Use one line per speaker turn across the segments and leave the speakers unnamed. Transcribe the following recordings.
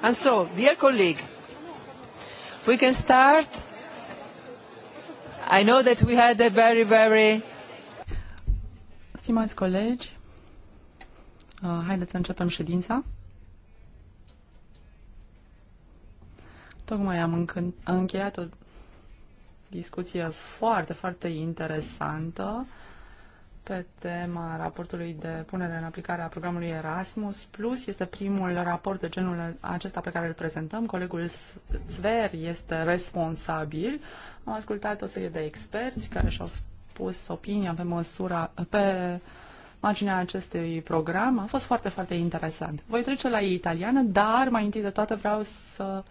And so, dear colleague,
we can start. I know that we had a very, very... Stimați colegi, uh, haideți să începem ședința. Tocmai am încheiat o discuție foarte, foarte interesantă pe tema raportului de punere în aplicare a programului Erasmus Plus. Este primul raport de genul acesta pe care îl prezentăm. Colegul Sver este responsabil. Am ascultat o serie de experți care și-au spus opinia pe măsura, pe marginea acestui program. A fost foarte, foarte interesant. Voi trece la italiană, dar mai întâi de toate vreau să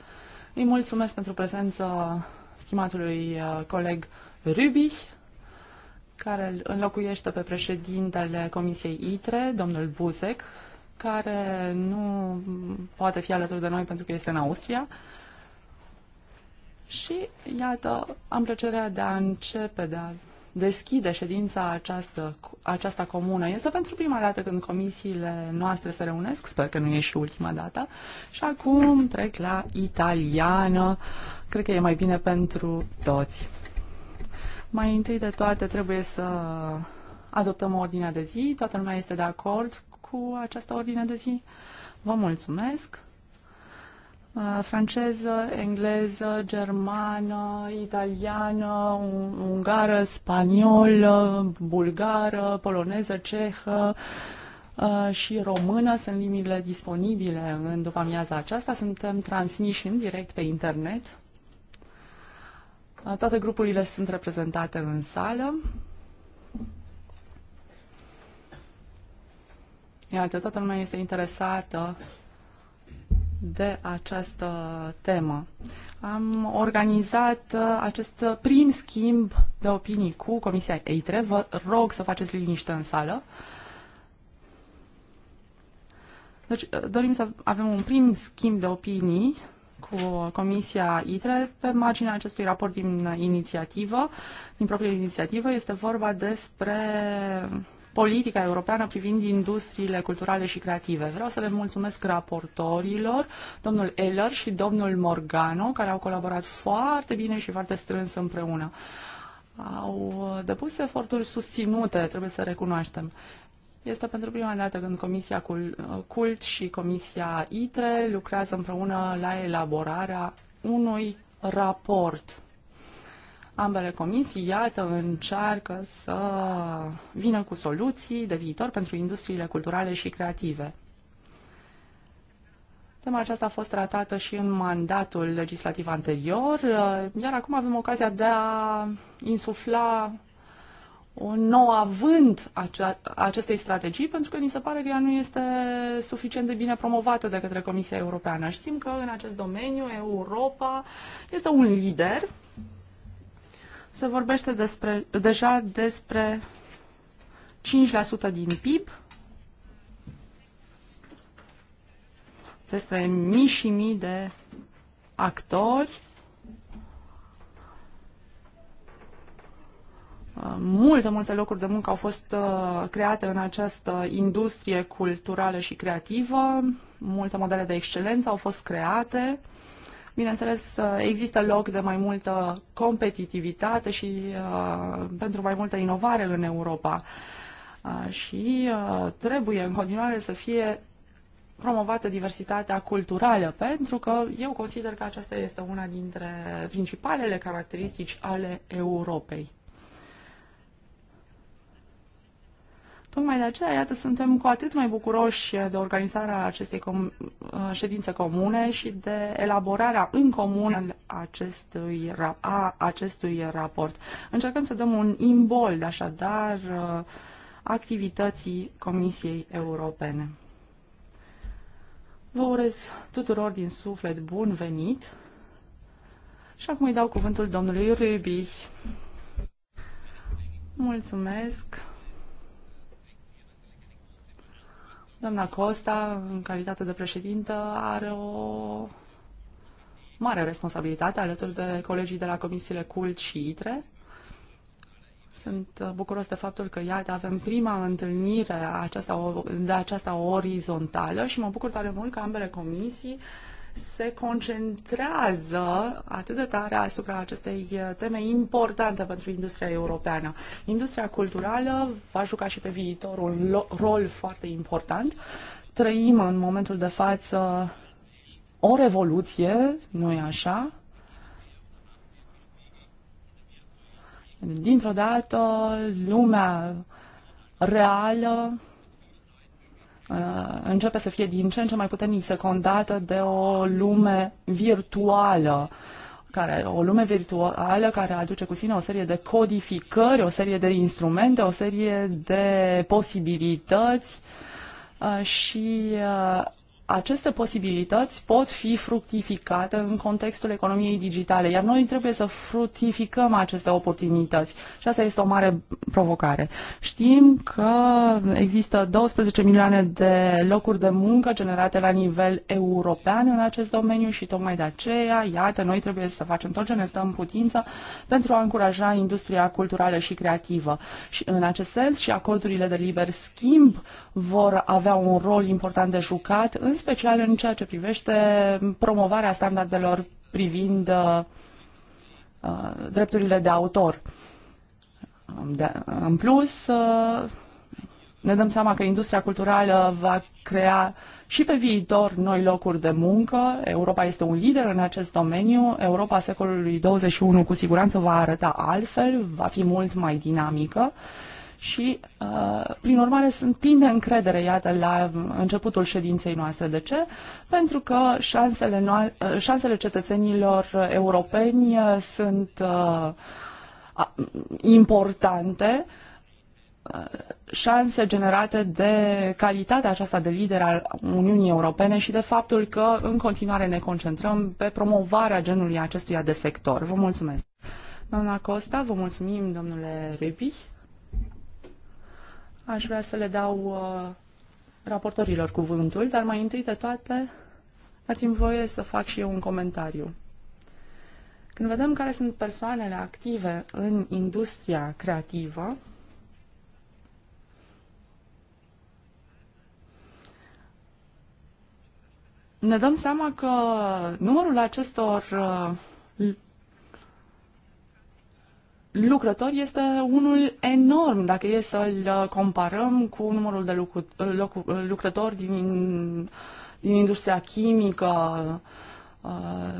îi mulțumesc pentru prezența stimatului uh, coleg Rubich, care îl înlocuiește pe președintele Comisiei ITRE, domnul Buzek, care nu poate fi alături de noi pentru că este în Austria. Și, iată, am plăcerea de a începe, de a deschide ședința această, aceasta comună. Este pentru prima dată când comisiile noastre se reunesc, sper că nu e și ultima dată. Și acum trec la italiană, cred că e mai bine pentru toți. Mai întâi de toate trebuie să adoptăm ordinea de zi. Toată lumea este de acord cu această ordine de zi. Vă mulțumesc. Uh, franceză, engleză, germană, italiană, ungară, spaniolă, bulgară, poloneză, cehă, uh, și română sunt limbile disponibile în după amiaza aceasta. Suntem transmiși în direct pe internet. Toate grupurile sunt reprezentate în sală. Iată, toată lumea este interesată de această temă. Am organizat uh, acest prim schimb de opinii cu Comisia EITRE. Vă rog să faceți liniște în sală. Deci, uh, dorim să avem un prim schimb de opinii cu Comisia ITRE pe marginea acestui raport din inițiativă, din propria inițiativă. Este vorba despre politica europeană privind industriile culturale și creative. Vreau să le mulțumesc raportorilor, domnul Eller și domnul Morgano, care au colaborat foarte bine și foarte strâns împreună. Au depus eforturi susținute, trebuie să recunoaștem. Este pentru prima dată când Comisia CULT și Comisia ITRE lucrează împreună la elaborarea unui raport. Ambele comisii, iată, încearcă să vină cu soluții de viitor pentru industriile culturale și creative. Tema aceasta a fost tratată și în mandatul legislativ anterior, iar acum avem ocazia de a insufla un nou avânt acestei strategii, pentru că ni se pare că ea nu este suficient de bine promovată de către Comisia Europeană. Știm că în acest domeniu Europa este un lider. Se vorbește despre, deja despre 5% din PIB, despre mii și mii de actori Multe, multe locuri de muncă au fost uh, create în această industrie culturală și creativă, multe modele de excelență au fost create. Bineînțeles, uh, există loc de mai multă competitivitate și uh, pentru mai multă inovare în Europa. și trebuie în continuare să fie promovată diversitatea culturală, pentru că eu consider că aceasta este una dintre principalele caracteristici ale Europei. Tocmai de aceea, iată, suntem cu atât mai bucuroși de organizarea acestei com- uh, ședințe comune și de elaborarea în comun acestui ra- a acestui raport. Încercăm să dăm un imbold, așadar, uh, activității Comisiei Europene. Vă urez tuturor din suflet bun venit și acum îi dau cuvântul domnului Rubi. Mulțumesc. Doamna Costa, în calitate de președintă, are o mare responsabilitate alături de colegii de la comisiile CULT și ITRE. Sunt bucuros de faptul că, iată, avem prima întâlnire aceasta, de aceasta orizontală și mă bucur tare mult că ambele comisii uh, se concentrează atât de tare asupra acestei uh, teme importante pentru industria europeană. Industria culturală va juca și pe viitor un rol foarte important. Trăim în momentul de față o revoluție, nu e așa? Dintr-o dată, lumea reală Uh, începe să fie din ce în ce mai puternic secundată de o lume virtuală care, o lume virtuală care aduce cu sine o serie de codificări, o serie de instrumente, o serie de posibilități uh, și uh, aceste posibilități pot fi fructificate în contextul economiei digitale, iar noi trebuie să fructificăm aceste oportunități. Și asta este o mare provocare. Știm că există 12 milioane de locuri de muncă generate la nivel european în acest domeniu și tocmai de aceea, iată, noi trebuie să facem tot ce ne stă în putință pentru a încuraja industria culturală și creativă. Și în acest sens și acordurile de liber schimb vor avea un rol important de jucat, în special în ceea ce privește promovarea standardelor privind uh, uh, drepturile de autor. De, în plus, uh, ne dăm seama că industria culturală va crea și pe viitor noi locuri de muncă. Europa este un lider în acest domeniu. Europa secolului 21 cu siguranță va arăta altfel, va fi mult mai dinamică. Uh, și, uh, prin urmare, sunt plin de încredere, iată, la începutul ședinței noastre. De ce? Pentru că șansele, no- uh, șansele cetățenilor europeni uh, sunt uh, importante uh, șanse generate de calitatea aceasta de lider al Uniunii Europene și de faptul că în continuare ne concentrăm pe promovarea genului acestuia de sector. Vă mulțumesc. Doamna Costa, vă mulțumim, domnule Rebich. Aș vrea să le dau uh, raportorilor cuvântul, dar mai întâi de toate dați-mi voie să fac și eu un comentariu. Când vedem care sunt persoanele active în industria creativă, ne dăm seama că numărul acestor uh, lucrători este unul enorm dacă e să-l uh, comparăm cu numărul de lucru, uh, locu, uh, lucrători din, din industria chimică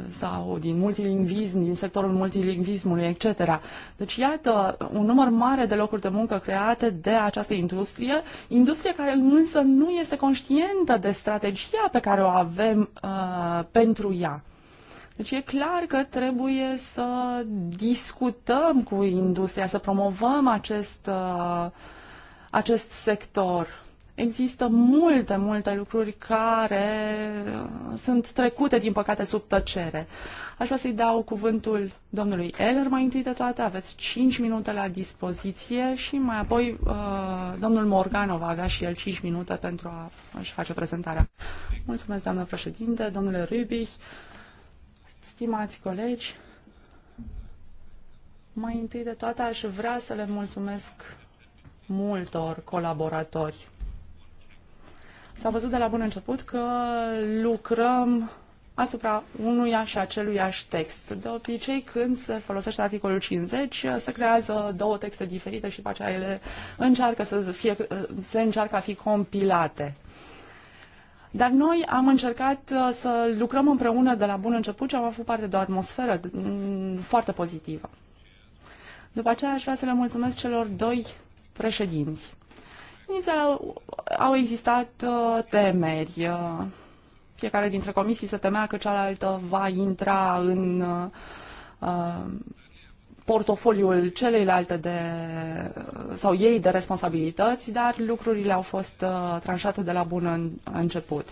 sau din multilingvism, din sectorul multilingvismului, etc. Deci, iată, un număr mare de locuri de muncă create de această industrie, industrie care însă nu este conștientă de strategia pe care o avem uh, pentru ea. Deci e clar că trebuie să discutăm cu industria, să promovăm acest, uh, acest sector. Există multe, multe lucruri care uh, sunt trecute, din păcate, sub tăcere. Aș vrea să-i dau cuvântul domnului Eller mai întâi de toate. Aveți 5 minute la dispoziție și mai apoi uh, domnul Morganov va avea și el 5 minute pentru a-și face prezentarea. Mulțumesc, doamnă președinte, domnule Rübich Stimați colegi, mai întâi de toate aș vrea să le mulțumesc multor colaboratori. S-a văzut de la bun început că lucrăm asupra unuia și aceluiași text. De obicei, când se folosește articolul 50, se creează două texte diferite și după aceea ele încearcă să fie, se încearcă a fi compilate. Dar noi am încercat uh, să lucrăm împreună de la bun început și am avut parte de o atmosferă mm, foarte pozitivă. După aceea aș vrea să le mulțumesc celor doi președinți. Inițial au, existat uh, temeri. Uh, fiecare dintre comisii se temea că cealaltă va intra în portofoliul celeilalte de, sau ei de responsabilități, dar lucrurile au fost uh, tranșate de la bun început.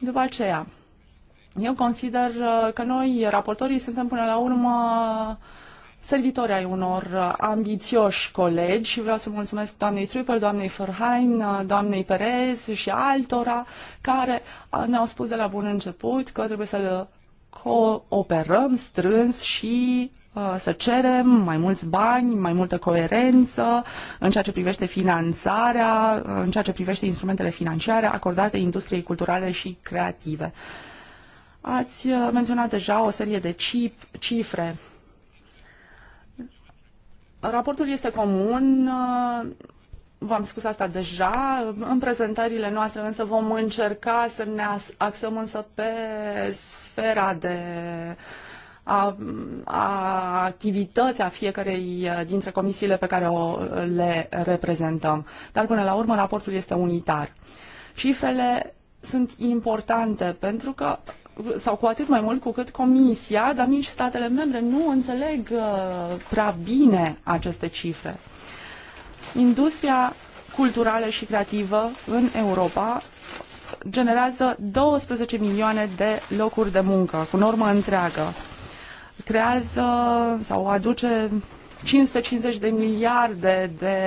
După aceea, eu consider uh, că noi, raportorii, suntem până la urmă servitori ai unor uh, ambițioși colegi și vreau să mulțumesc doamnei Trupel, doamnei Ferhain, doamnei Perez și altora care ne-au spus de la bun început că trebuie să cooperăm strâns și Uh, să cerem mai mulți bani, mai multă coerență în ceea ce privește finanțarea, uh, în ceea ce privește instrumentele financiare acordate industriei culturale și creative. Ați uh, menționat deja o serie de cifre. Raportul este comun, v-am spus asta deja, în prezentările noastre însă vom încerca să ne axăm însă pe sfera de uh, a, a activității a fiecarei uh, dintre comisiile pe care o, uh, le reprezentăm. Dar până la urmă raportul este unitar. Cifrele sunt importante pentru că sau cu atât mai mult cu cât Comisia, dar nici statele membre nu înțeleg uh, prea bine aceste cifre. Industria culturală și creativă în Europa generează 12 milioane de locuri de muncă, cu normă întreagă creează sau aduce 550 de miliarde de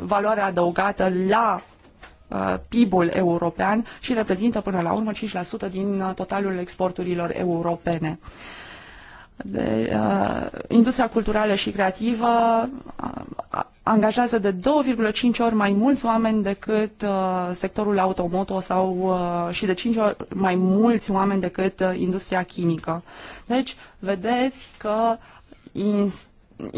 valoare adăugată la uh, PIB-ul european și reprezintă până la urmă 5% din uh, totalul exporturilor europene. De, uh, industria culturală și creativă uh, angajează de 2,5 ori mai mulți oameni decât uh, sectorul automoto sau uh, și de 5 ori mai mulți oameni decât uh, industria chimică. Deci, vedeți că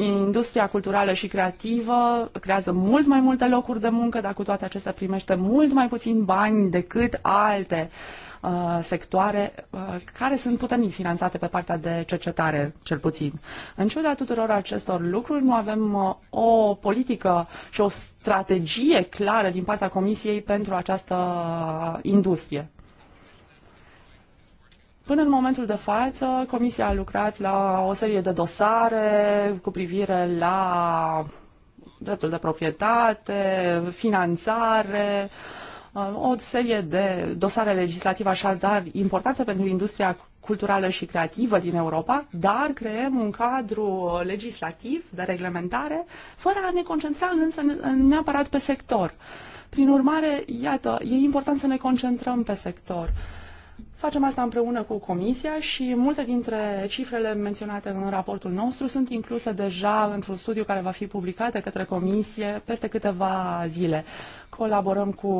industria culturală și creativă creează mult mai multe locuri de muncă, dar cu toate acestea primește mult mai puțin bani decât alte uh, Uh, sectoare uh, care sunt puternic finanțate pe partea de cercetare, cel puțin. În ciuda tuturor acestor lucruri, nu avem uh, o politică și o strategie clară din partea Comisiei pentru această industrie. Până în momentul de față, Comisia a lucrat la o serie de dosare cu privire la dreptul de proprietate, finanțare, uh, Uh, o serie de dosare legislative așadar importante pentru industria culturală și creativă din Europa, dar creăm un cadru legislativ de reglementare fără a ne concentra însă neapărat pe sector. Prin urmare, iată, e important să ne concentrăm pe sector. Uh, Facem asta împreună cu Comisia și multe dintre cifrele menționate în raportul nostru sunt incluse deja într-un studiu care va fi publicat de către Comisie peste câteva zile. Colaborăm cu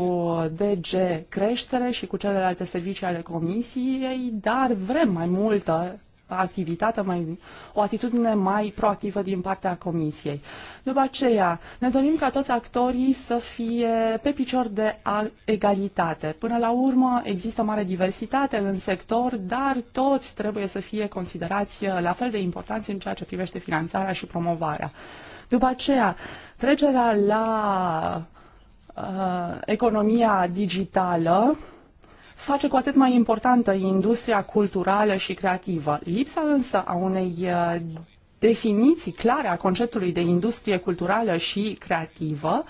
DG Creștere și cu celelalte servicii ale Comisiei, dar vrem mai multă activitate, mai, o atitudine mai proactivă din partea Comisiei. După aceea, ne dorim ca toți actorii să fie pe picior de egalitate. Până la urmă, există mare diversitate în sector, dar toți trebuie să fie considerați la fel de importanți în ceea ce privește finanțarea și promovarea. După aceea, trecerea la uh, economia digitală, uh, face cu atât mai importantă industria culturală și creativă. Lipsa însă a unei uh, definiții clare a conceptului de industrie culturală și creativă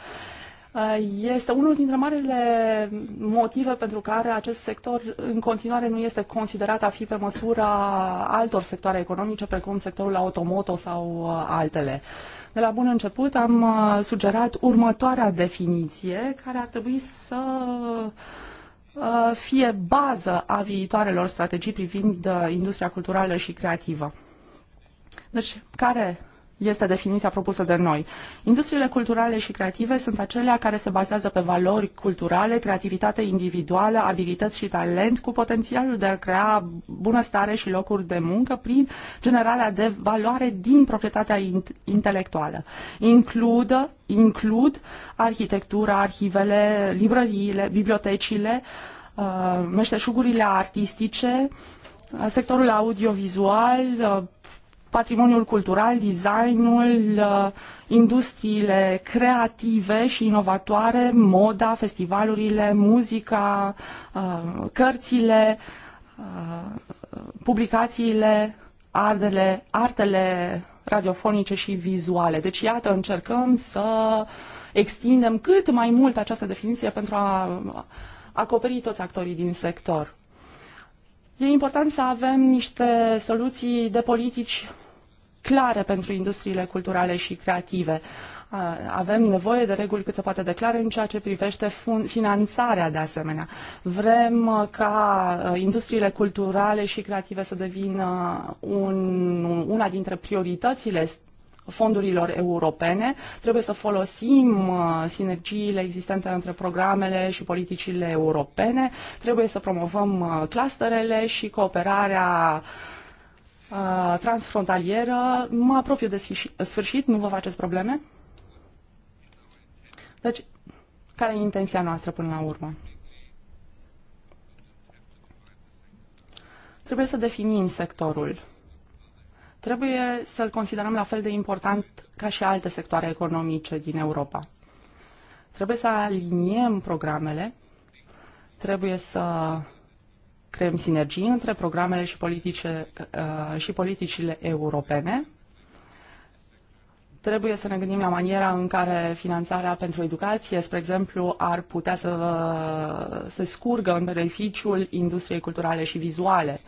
uh, este unul dintre marele motive pentru care acest sector în continuare nu este considerat a fi pe măsura altor sectoare economice, precum sectorul automoto sau uh, altele. De la bun început am sugerat următoarea definiție care ar trebui să Uh, fie bază a viitoarelor strategii privind uh, industria culturală și creativă. Deci, care este definiția propusă de noi. Industriile culturale și creative sunt acelea care se bazează pe valori culturale, creativitate individuală, abilități și talent cu potențialul de a crea bunăstare și locuri de muncă prin generarea de valoare din proprietatea intelectuală. Includă, includ arhitectura, arhivele, librăriile, bibliotecile, uh, meșteșugurile artistice, uh, sectorul audiovizual, uh, patrimoniul cultural, designul, uh, industriile creative și inovatoare, moda, festivalurile, muzica, uh, cărțile, uh, publicațiile, ardele, artele radiofonice și vizuale. Deci, iată, încercăm să extindem cât mai mult această definiție pentru a acoperi toți actorii din sector. E important să avem niște soluții de politici clare pentru industriile culturale și creative. Avem nevoie de reguli cât se poate de clare în ceea ce privește finanțarea de asemenea. Vrem uh, ca uh, industriile culturale și creative să devină un, una dintre prioritățile fondurilor europene. Trebuie să folosim uh, sinergiile existente între programele și politicile europene. Trebuie să promovăm uh, clusterele și cooperarea uh, transfrontalieră. Mă apropiu de sfârșit, nu vă faceți probleme? Deci, care e intenția noastră până la urmă? Trebuie să definim sectorul trebuie să-l considerăm la fel de important ca și alte sectoare economice din Europa. Trebuie să aliniem programele, trebuie să creăm sinergii între programele și, politice, uh, și politicile europene, trebuie să ne gândim la maniera în care finanțarea pentru educație, spre exemplu, ar putea să se scurgă în beneficiul industriei culturale și vizuale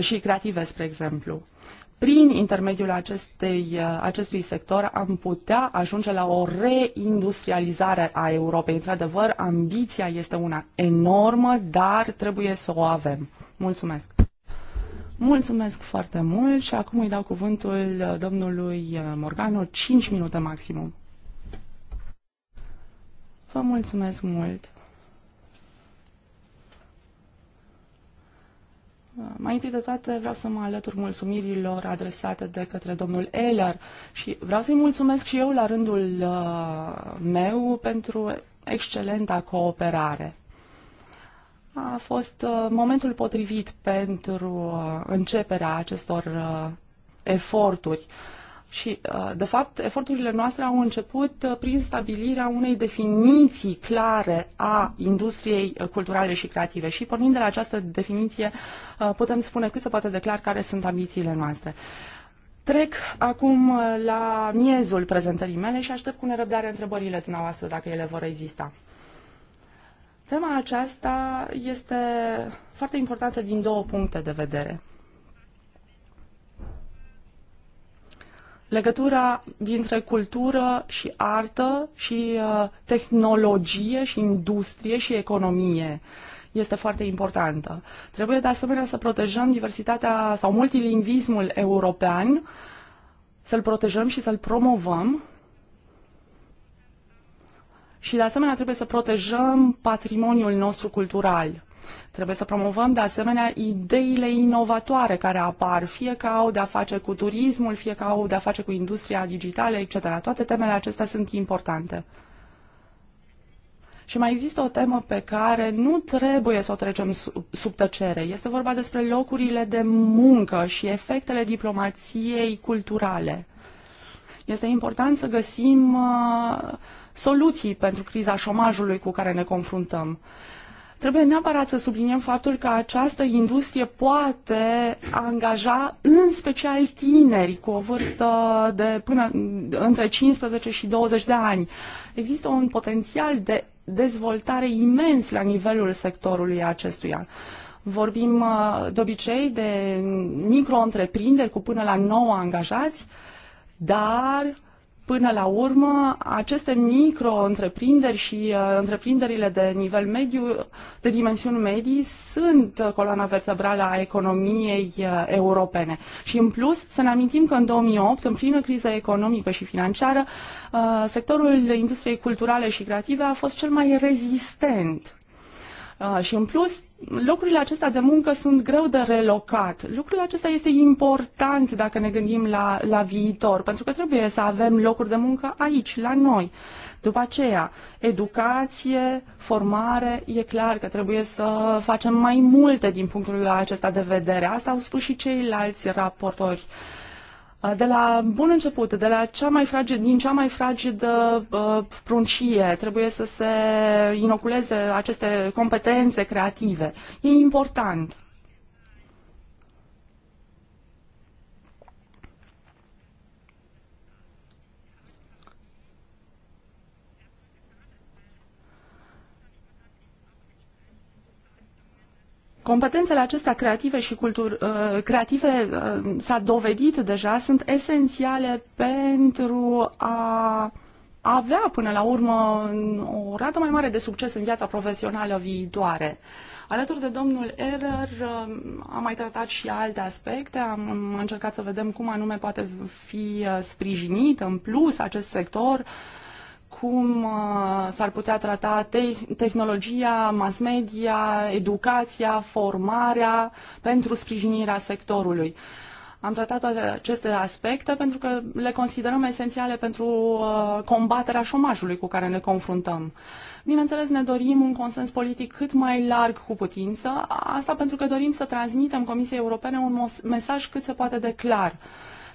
și creative, spre exemplu prin intermediul acestei, acestui sector am putea ajunge la o reindustrializare a Europei. Într-adevăr, ambiția este una enormă, dar trebuie să o avem. Mulțumesc! Mulțumesc foarte mult și acum îi dau cuvântul domnului Morgano, 5 minute maximum. Vă mulțumesc mult! Uh, mai întâi de toate vreau să mă alătur mulțumirilor adresate de către domnul Eller și vreau să-i mulțumesc și eu la rândul uh, meu pentru excelenta cooperare. A fost uh, momentul potrivit pentru începerea acestor eforturi. Și, uh, de fapt, eforturile noastre au început uh, prin stabilirea unei definiții clare a industriei uh, culturale și creative. Și, pornind de la această definiție, putem spune cât se poate de clar care sunt ambițiile noastre. Trec acum la miezul prezentării mele și aștept cu nerăbdare întrebările dumneavoastră, dacă ele vor exista. Tema aceasta este foarte importantă din două puncte de vedere. legătura dintre cultură și artă și uh, tehnologie și industrie și economie este foarte importantă. Trebuie de asemenea să protejăm diversitatea sau multilingvismul european, să-l protejăm și să-l promovăm. Și de asemenea trebuie să protejăm patrimoniul nostru cultural. Trebuie să promovăm de asemenea ideile inovatoare care apar, fie că au de-a face cu turismul, fie că au de-a face cu industria digitală, etc. Toate temele acestea sunt importante. Și mai există o temă pe care nu trebuie să o trecem sub tăcere. Este vorba despre locurile de muncă și efectele diplomației culturale. Este important să găsim uh, soluții pentru criza șomajului cu care ne confruntăm. Uh, Trebuie neapărat să subliniem faptul că această industrie poate angaja în special tineri cu o vârstă de până între 15 și 20 de ani. Există un potențial de dezvoltare imens la nivelul sectorului acestuia. Vorbim uh, de obicei de micro-întreprinderi cu până la 9 angajați, dar Până la urmă, aceste micro-întreprinderi și uh, întreprinderile de nivel mediu, de dimensiuni medii, sunt uh, coloana vertebrală a economiei uh, europene. Și în plus, să ne amintim că în 2008, în plină criză economică și financiară, uh, sectorul industriei culturale și creative a fost cel mai rezistent. Uh, și în plus, locurile acestea de muncă sunt greu de relocat. Lucrul acesta este important dacă ne gândim la, la viitor, pentru că trebuie să avem locuri de muncă aici, la noi. După aceea, educație, formare, e clar că trebuie să facem mai multe din punctul acesta de vedere. Asta au spus și ceilalți raportori. Uh, de la bun început, de la cea mai fragedă, din cea mai fragedă uh, pruncie, trebuie să se inoculeze aceste competențe creative. E important. Competențele acestea creative și cultur, uh, creative uh, s-a dovedit deja, sunt esențiale pentru a avea până la urmă o rată mai mare de succes în viața profesională viitoare. Alături de domnul Erer uh, am mai tratat și alte aspecte, am încercat să vedem cum anume poate fi sprijinit în plus acest sector, uh, cum uh, s-ar putea trata te- tehnologia, mass media, educația, formarea pentru sprijinirea sectorului. Am tratat toate aceste aspecte pentru că le considerăm esențiale pentru uh, combaterea șomajului cu care ne confruntăm. Bineînțeles, ne dorim un consens politic cât mai larg cu putință, asta pentru că dorim să transmitem Comisiei Europene un mesaj cât se poate de clar.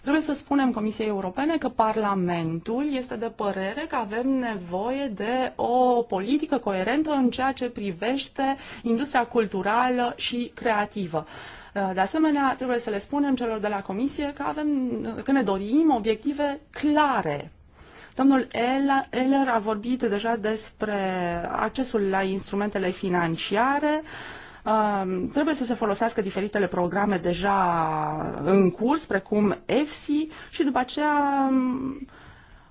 Trebuie să spunem Comisiei Europene că Parlamentul este de părere că avem nevoie de o politică coerentă în ceea ce privește industria culturală și creativă. De asemenea, trebuie să le spunem celor de la Comisie că, avem, că ne dorim obiective clare Domnul Eller a vorbit deja despre accesul la instrumentele financiare, uh, Trebuie să se folosească diferitele programe deja în curs, precum EFSI și după aceea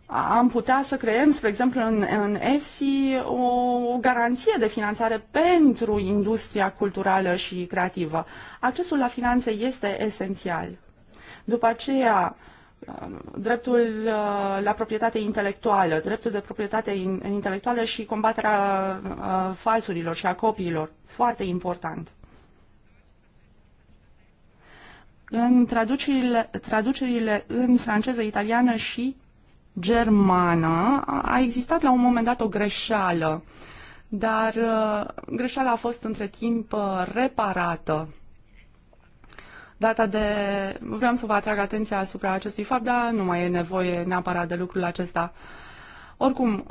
am putea să creăm, spre exemplu, în, în EFSI o, o garanție de finanțare pentru industria culturală și creativă. Accesul la finanțe este esențial. După aceea, dreptul uh, la proprietate intelectuală, dreptul de proprietate intelectuală și combaterea uh, falsurilor și a copiilor. Foarte important. În traducerile, traducerile în franceză, italiană și germană a existat la un moment dat o greșeală, dar uh, greșeala a fost între timp reparată data de... Vreau să vă atrag atenția asupra acestui fapt, dar nu mai e nevoie neapărat de lucrul acesta. Oricum,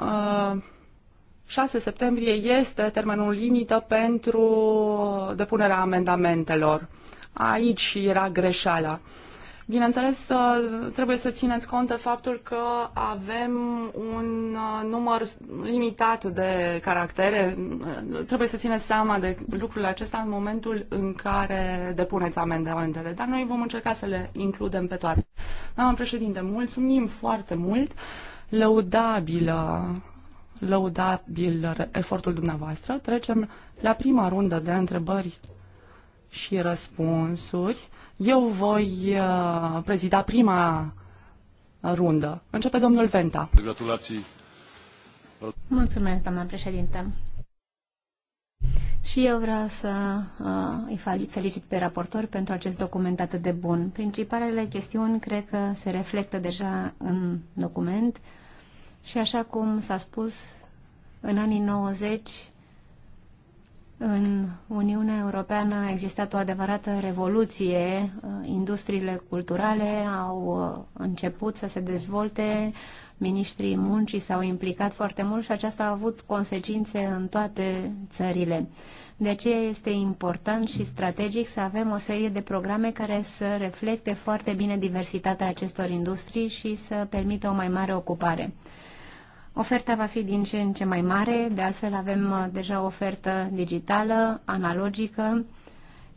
6 uh, septembrie este termenul limită pentru uh, depunerea amendamentelor. Aici era greșeala. Bineînțeles, trebuie să țineți cont de faptul că avem un uh, număr limitat de caractere. Trebuie să țineți seama de lucrurile acesta în momentul în care depuneți amendamentele, dar noi vom încerca să le includem pe toate. Doamna președinte, mulțumim foarte mult. Lăudabilă, lăudabil efortul dumneavoastră. Trecem la prima rundă de întrebări și răspunsuri. Eu voi uh, prezida prima rundă. Începe domnul Venta.
Gratulații. Mulțumesc, doamna președinte. Și eu vreau să uh, îi felicit pe raportori pentru acest document atât de bun. Principalele chestiuni cred că se reflectă deja în document și așa cum s-a spus, în anii 90 în Uniunea Europeană a existat o adevărată revoluție. Industriile culturale au uh, început să se dezvolte, ministrii muncii s-au implicat foarte mult și aceasta a avut consecințe în toate țările. De aceea este important și strategic să avem o serie de programe care să reflecte foarte bine diversitatea acestor industrii și să permită o mai mare ocupare. Oferta va fi din ce în ce mai mare, de altfel avem uh, deja ofertă digitală, analogică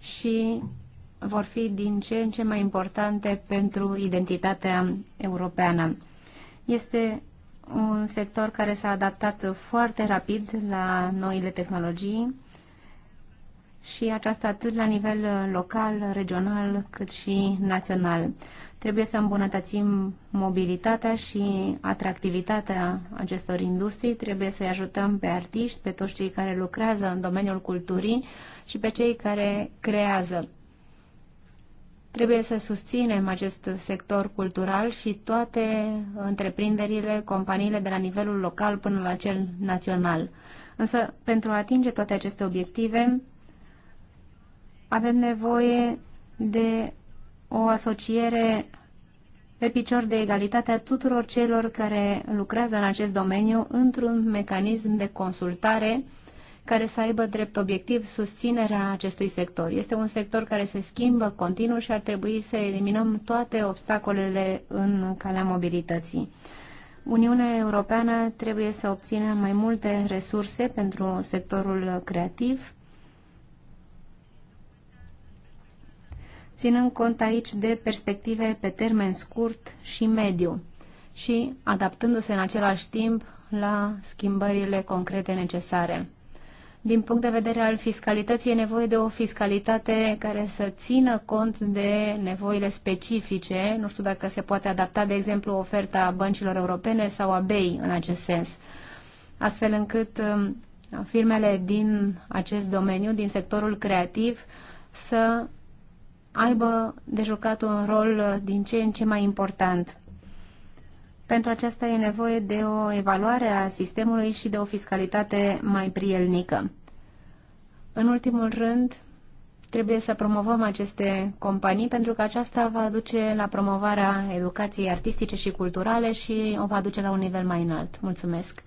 și vor fi din ce în ce mai importante pentru identitatea europeană. Este un sector care s-a adaptat foarte rapid la noile tehnologii și aceasta atât la nivel uh, local, regional, cât și național. Trebuie să îmbunătățim mobilitatea și atractivitatea acestor industrii, trebuie să-i ajutăm pe artiști, pe toți cei care lucrează în domeniul culturii și pe cei care creează. Trebuie să susținem acest sector cultural și toate întreprinderile, companiile de la nivelul local până la cel național. Însă, pentru a atinge toate aceste obiective, avem nevoie de o asociere pe picior de egalitate a tuturor celor care lucrează în acest domeniu într-un mecanism de consultare care să aibă drept obiectiv susținerea acestui sector. Este un sector care se schimbă continuu și ar trebui să eliminăm toate obstacolele în calea mobilității. Uniunea Europeană trebuie să obțină mai multe resurse pentru sectorul creativ ținând cont aici de perspective pe termen scurt și mediu și adaptându-se în același timp la schimbările concrete necesare. Din punct de vedere al fiscalității, e nevoie de o fiscalitate care să țină cont de nevoile specifice. Nu știu dacă se poate adapta, de exemplu, oferta băncilor europene sau a BEI în acest sens, astfel încât um, firmele din acest domeniu, din sectorul creativ, să aibă de jucat un rol uh, din ce în ce mai important. Pentru aceasta e nevoie de o evaluare a sistemului și de o fiscalitate mai prielnică. În ultimul rând, trebuie să promovăm aceste companii pentru că aceasta va duce la promovarea educației artistice și culturale și o va duce la un nivel mai înalt. Mulțumesc!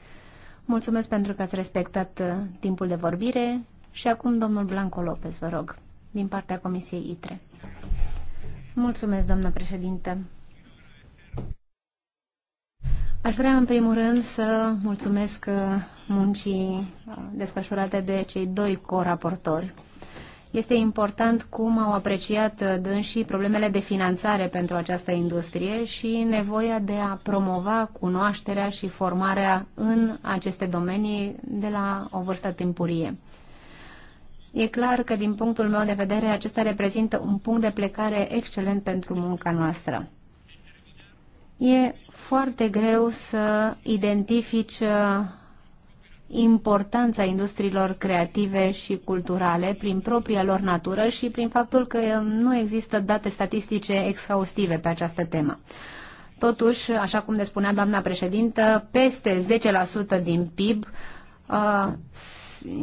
Mulțumesc pentru că ați respectat uh, timpul de vorbire și acum domnul Blanco Lopez, vă rog, din partea Comisiei ITRE. Mulțumesc, președinte. Aș vrea, în primul rând, să mulțumesc uh, muncii uh, desfășurate de cei doi coraportori. Este important cum au apreciat uh, dânsii problemele de finanțare pentru această industrie și nevoia de a promova cunoașterea și formarea în aceste domenii de la o vârstă timpurie. E clar că, din punctul meu de vedere, acesta reprezintă un punct de plecare excelent pentru munca noastră. E foarte greu să identifici uh, importanța industriilor creative și culturale prin propria lor natură și prin faptul că uh, nu există date statistice exhaustive pe această temă. Totuși, așa cum ne spunea doamna președintă, peste 10% din PIB uh,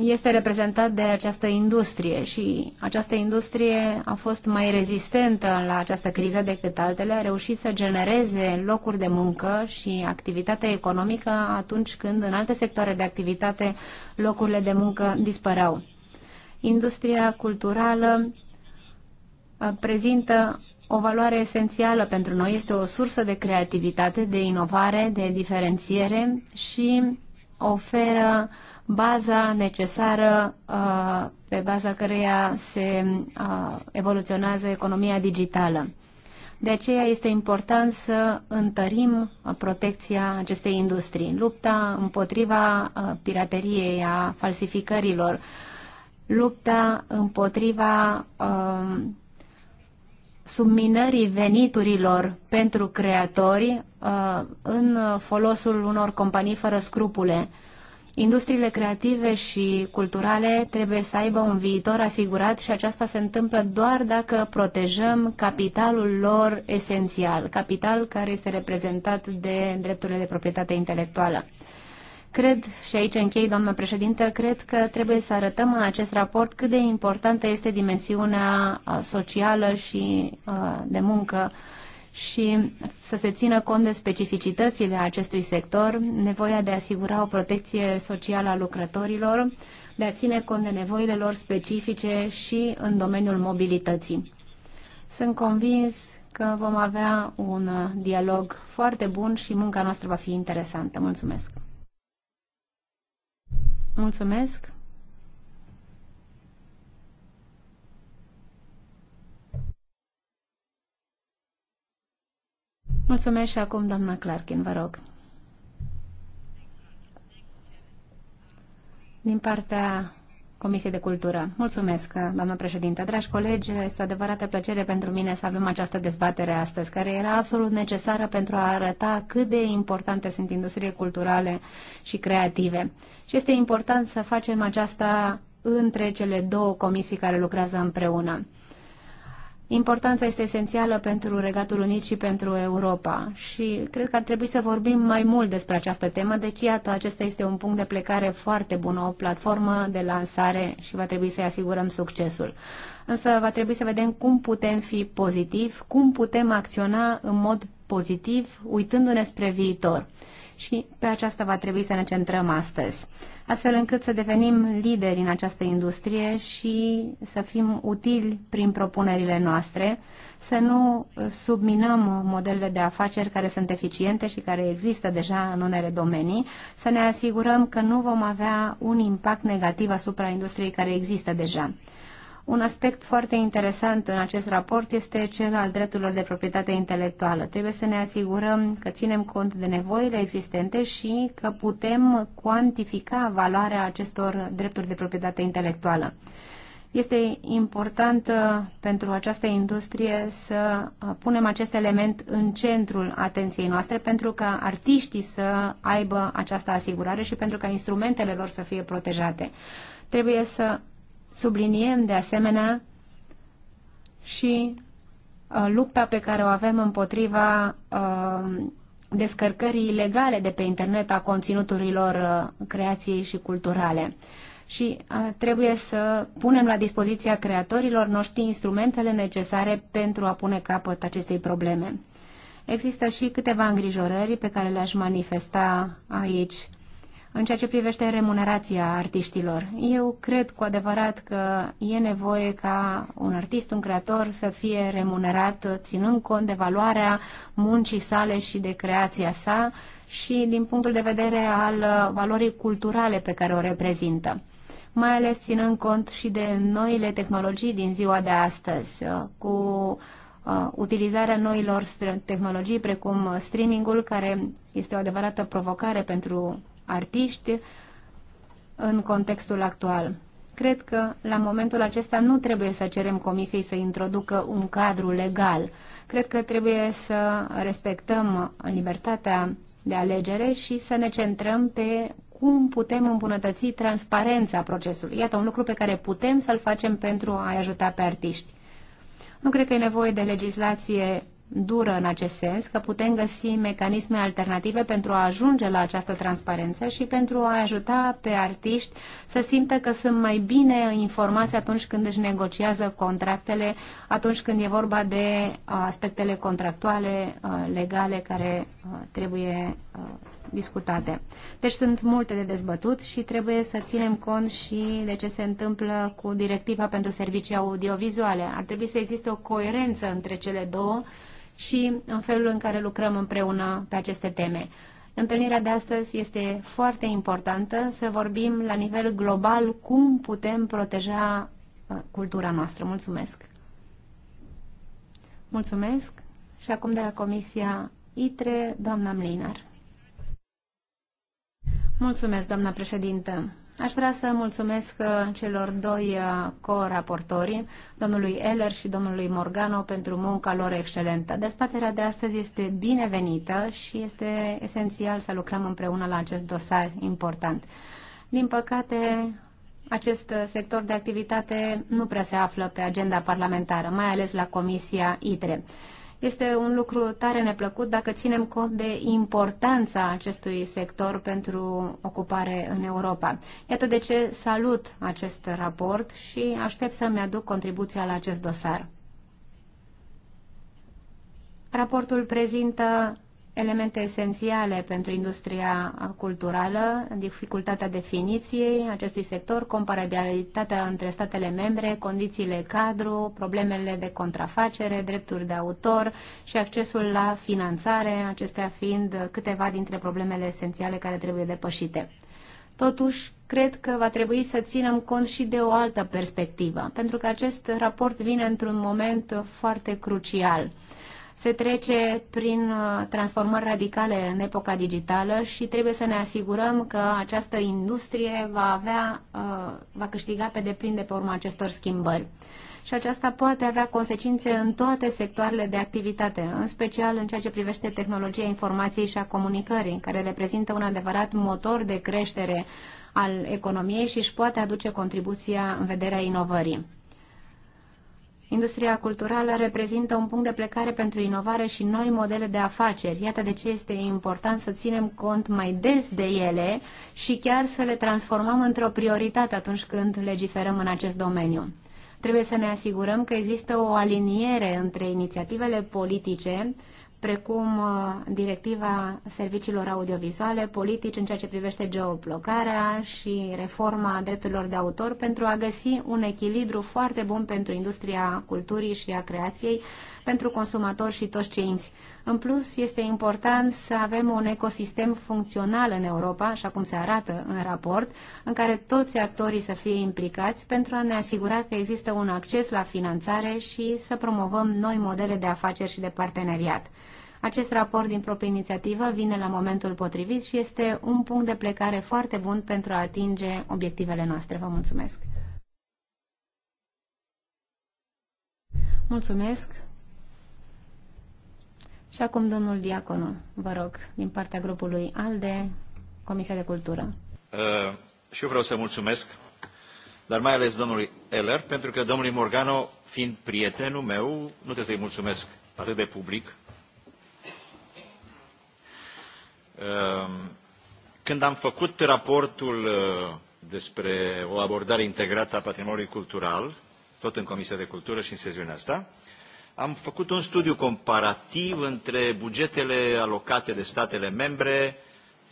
este reprezentat de această industrie și această industrie a fost mai rezistentă la această criză decât altele, a reușit să genereze locuri de muncă și activitate economică atunci când în alte sectoare de activitate locurile de muncă dispăreau. Industria culturală uh, prezintă o valoare esențială pentru noi, este o sursă de creativitate, de inovare, de diferențiere și oferă uh, baza necesară uh, pe baza căreia se uh, evoluționează economia digitală. De aceea este important să întărim uh, protecția acestei industrii, lupta împotriva pirateriei, a falsificărilor, lupta împotriva subminării veniturilor pentru creatori în folosul unor companii fără scrupule Industriile creative și culturale trebuie să aibă un viitor asigurat și aceasta se întâmplă doar dacă protejăm capitalul lor esențial, capital care este reprezentat de drepturile de proprietate intelectuală. Cred, și aici închei, doamnă președintă, cred că trebuie să arătăm în acest raport cât de importantă este dimensiunea socială și de muncă și să se țină cont de specificitățile acestui sector, nevoia de a asigura o protecție socială a lucrătorilor, de a ține cont de nevoile lor specifice și în domeniul mobilității. Sunt convins că vom avea un dialog foarte bun și munca noastră va fi interesantă. Mulțumesc! Mulțumesc! Mulțumesc și acum, doamna Clarkin, vă rog. Din partea Comisiei de Cultură. Mulțumesc, doamnă președinte. Dragi colegi, este o adevărată plăcere pentru mine să avem această dezbatere astăzi, care era absolut necesară pentru a arăta cât de importante sunt industriile culturale și creative. Și este important să facem aceasta între cele două comisii care lucrează împreună. Importanța este esențială pentru Regatul Unit și pentru Europa și cred că ar trebui să vorbim mai mult despre această temă, deci iată, acesta este un punct de plecare foarte bun, o platformă de lansare și va trebui să-i asigurăm succesul. Însă va trebui să vedem cum putem fi pozitivi, cum putem acționa în mod pozitiv, uitându-ne spre viitor. Și pe aceasta va trebui să ne centrăm astăzi, astfel încât să devenim lideri în această industrie și să fim utili prin propunerile noastre, să nu subminăm modelele de afaceri care sunt eficiente și care există deja în unele domenii, să ne asigurăm că nu vom avea un impact negativ asupra industriei care există deja. Un aspect foarte interesant în acest raport este cel al drepturilor de proprietate intelectuală. Trebuie să ne asigurăm că ținem cont de nevoile existente și că putem cuantifica valoarea acestor drepturi de proprietate intelectuală. Este important uh, pentru această industrie să uh, punem acest element în centrul atenției noastre pentru ca artiștii să aibă această asigurare și pentru ca instrumentele lor să fie protejate. Trebuie să Subliniem de asemenea și uh, lupta pe care o avem împotriva uh, descărcării ilegale de pe internet a conținuturilor uh, creației și culturale. Și trebuie să punem la dispoziția creatorilor noștri instrumentele necesare pentru a pune capăt acestei probleme. Există și câteva îngrijorări pe care le-aș manifesta aici în ceea ce privește remunerația artiștilor. Eu cred cu adevărat că e nevoie ca un artist, un creator să fie remunerat ținând cont de valoarea muncii sale și de creația sa și din punctul de vedere al valorii culturale pe care o reprezintă mai ales ținând cont și de noile tehnologii din ziua de astăzi, cu uh, utilizarea noilor tehnologii precum streamingul, care este o adevărată provocare pentru artiști în contextul actual. Cred că la momentul acesta nu trebuie să cerem comisiei să introducă un cadru legal. Cred că trebuie să respectăm libertatea de alegere și să ne centrăm pe cum putem îmbunătăți transparența procesului. Iată un lucru pe care putem să-l facem pentru a-i ajuta pe artiști. Nu cred că e nevoie de legislație dură în acest sens, că putem găsi mecanisme alternative pentru a ajunge la această transparență și pentru a ajuta pe artiști să simtă că sunt mai bine informați atunci când își negociază contractele, atunci când e vorba de uh, aspectele contractuale, uh, legale, care uh, trebuie discutate. Deci sunt multe de dezbătut și trebuie să ținem cont și de ce se întâmplă cu directiva pentru servicii audiovizuale. Ar trebui să existe o coerență între cele două, și în felul în care lucrăm împreună pe aceste teme. Întâlnirea de astăzi este foarte importantă să vorbim la nivel global cum putem proteja uh, cultura noastră. Mulțumesc! Mulțumesc și acum de la Comisia ITRE, doamna Mlinar. Mulțumesc, doamna președintă. Aș vrea să mulțumesc uh, celor doi uh, co-raportori, domnului Eller și domnului Morgano, pentru munca lor excelentă. Dezbaterea de astăzi este binevenită și este esențial să lucrăm împreună la acest dosar important. Din păcate, acest uh, sector de activitate nu prea se află pe agenda parlamentară, mai ales la Comisia ITRE. Este un lucru tare neplăcut dacă ținem cont de importanța acestui sector pentru ocupare în Europa. Iată de ce salut acest raport și aștept să-mi aduc contribuția la acest dosar. Raportul prezintă elemente esențiale pentru industria culturală, dificultatea definiției acestui sector, comparabilitatea între statele membre, condițiile cadru, problemele de contrafacere, drepturi de autor și accesul la finanțare, acestea fiind câteva dintre problemele esențiale care trebuie depășite. Totuși, cred că va trebui să ținem cont și de o altă perspectivă, pentru că acest raport vine într-un moment foarte crucial se trece prin uh, transformări radicale în epoca digitală și trebuie să ne asigurăm că această industrie va avea, uh, va câștiga pe deplin de pe urma acestor schimbări. Și aceasta poate avea consecințe în toate sectoarele de activitate, în special în ceea ce privește tehnologia informației și a comunicării, care reprezintă un adevărat motor de creștere al economiei și își poate aduce contribuția în vederea inovării. Industria culturală reprezintă un punct de plecare pentru inovare și noi modele de afaceri. Iată de ce este important să ținem cont mai des de ele și chiar să le transformăm într-o prioritate atunci când legiferăm în acest domeniu. Trebuie să ne asigurăm că există o aliniere între inițiativele politice precum uh, directiva serviciilor audiovizuale, politici în ceea ce privește geoblocarea și reforma drepturilor de autor pentru a găsi un echilibru foarte bun pentru industria culturii și a creației, pentru consumatori și toți ceinți. În plus, este important să avem un ecosistem funcțional în Europa, așa cum se arată în raport, în care toți actorii să fie implicați pentru a ne asigura că există un acces la finanțare și să promovăm noi modele de afaceri și de parteneriat. Acest raport din proprie inițiativă vine la momentul potrivit și este un punct de plecare foarte bun pentru a atinge obiectivele noastre. Vă mulțumesc! Mulțumesc! Și acum domnul Diaconu, vă rog, din partea grupului ALDE, Comisia de Cultură.
Uh, și eu vreau să mulțumesc, dar mai ales domnului Eller, pentru că domnului Morgano, fiind prietenul meu, nu trebuie să-i mulțumesc atât de public. Uh, când am făcut raportul uh, despre o abordare integrată a patrimoniului cultural, tot în Comisia de Cultură și în sesiunea asta, am făcut un studiu comparativ între bugetele alocate de statele membre,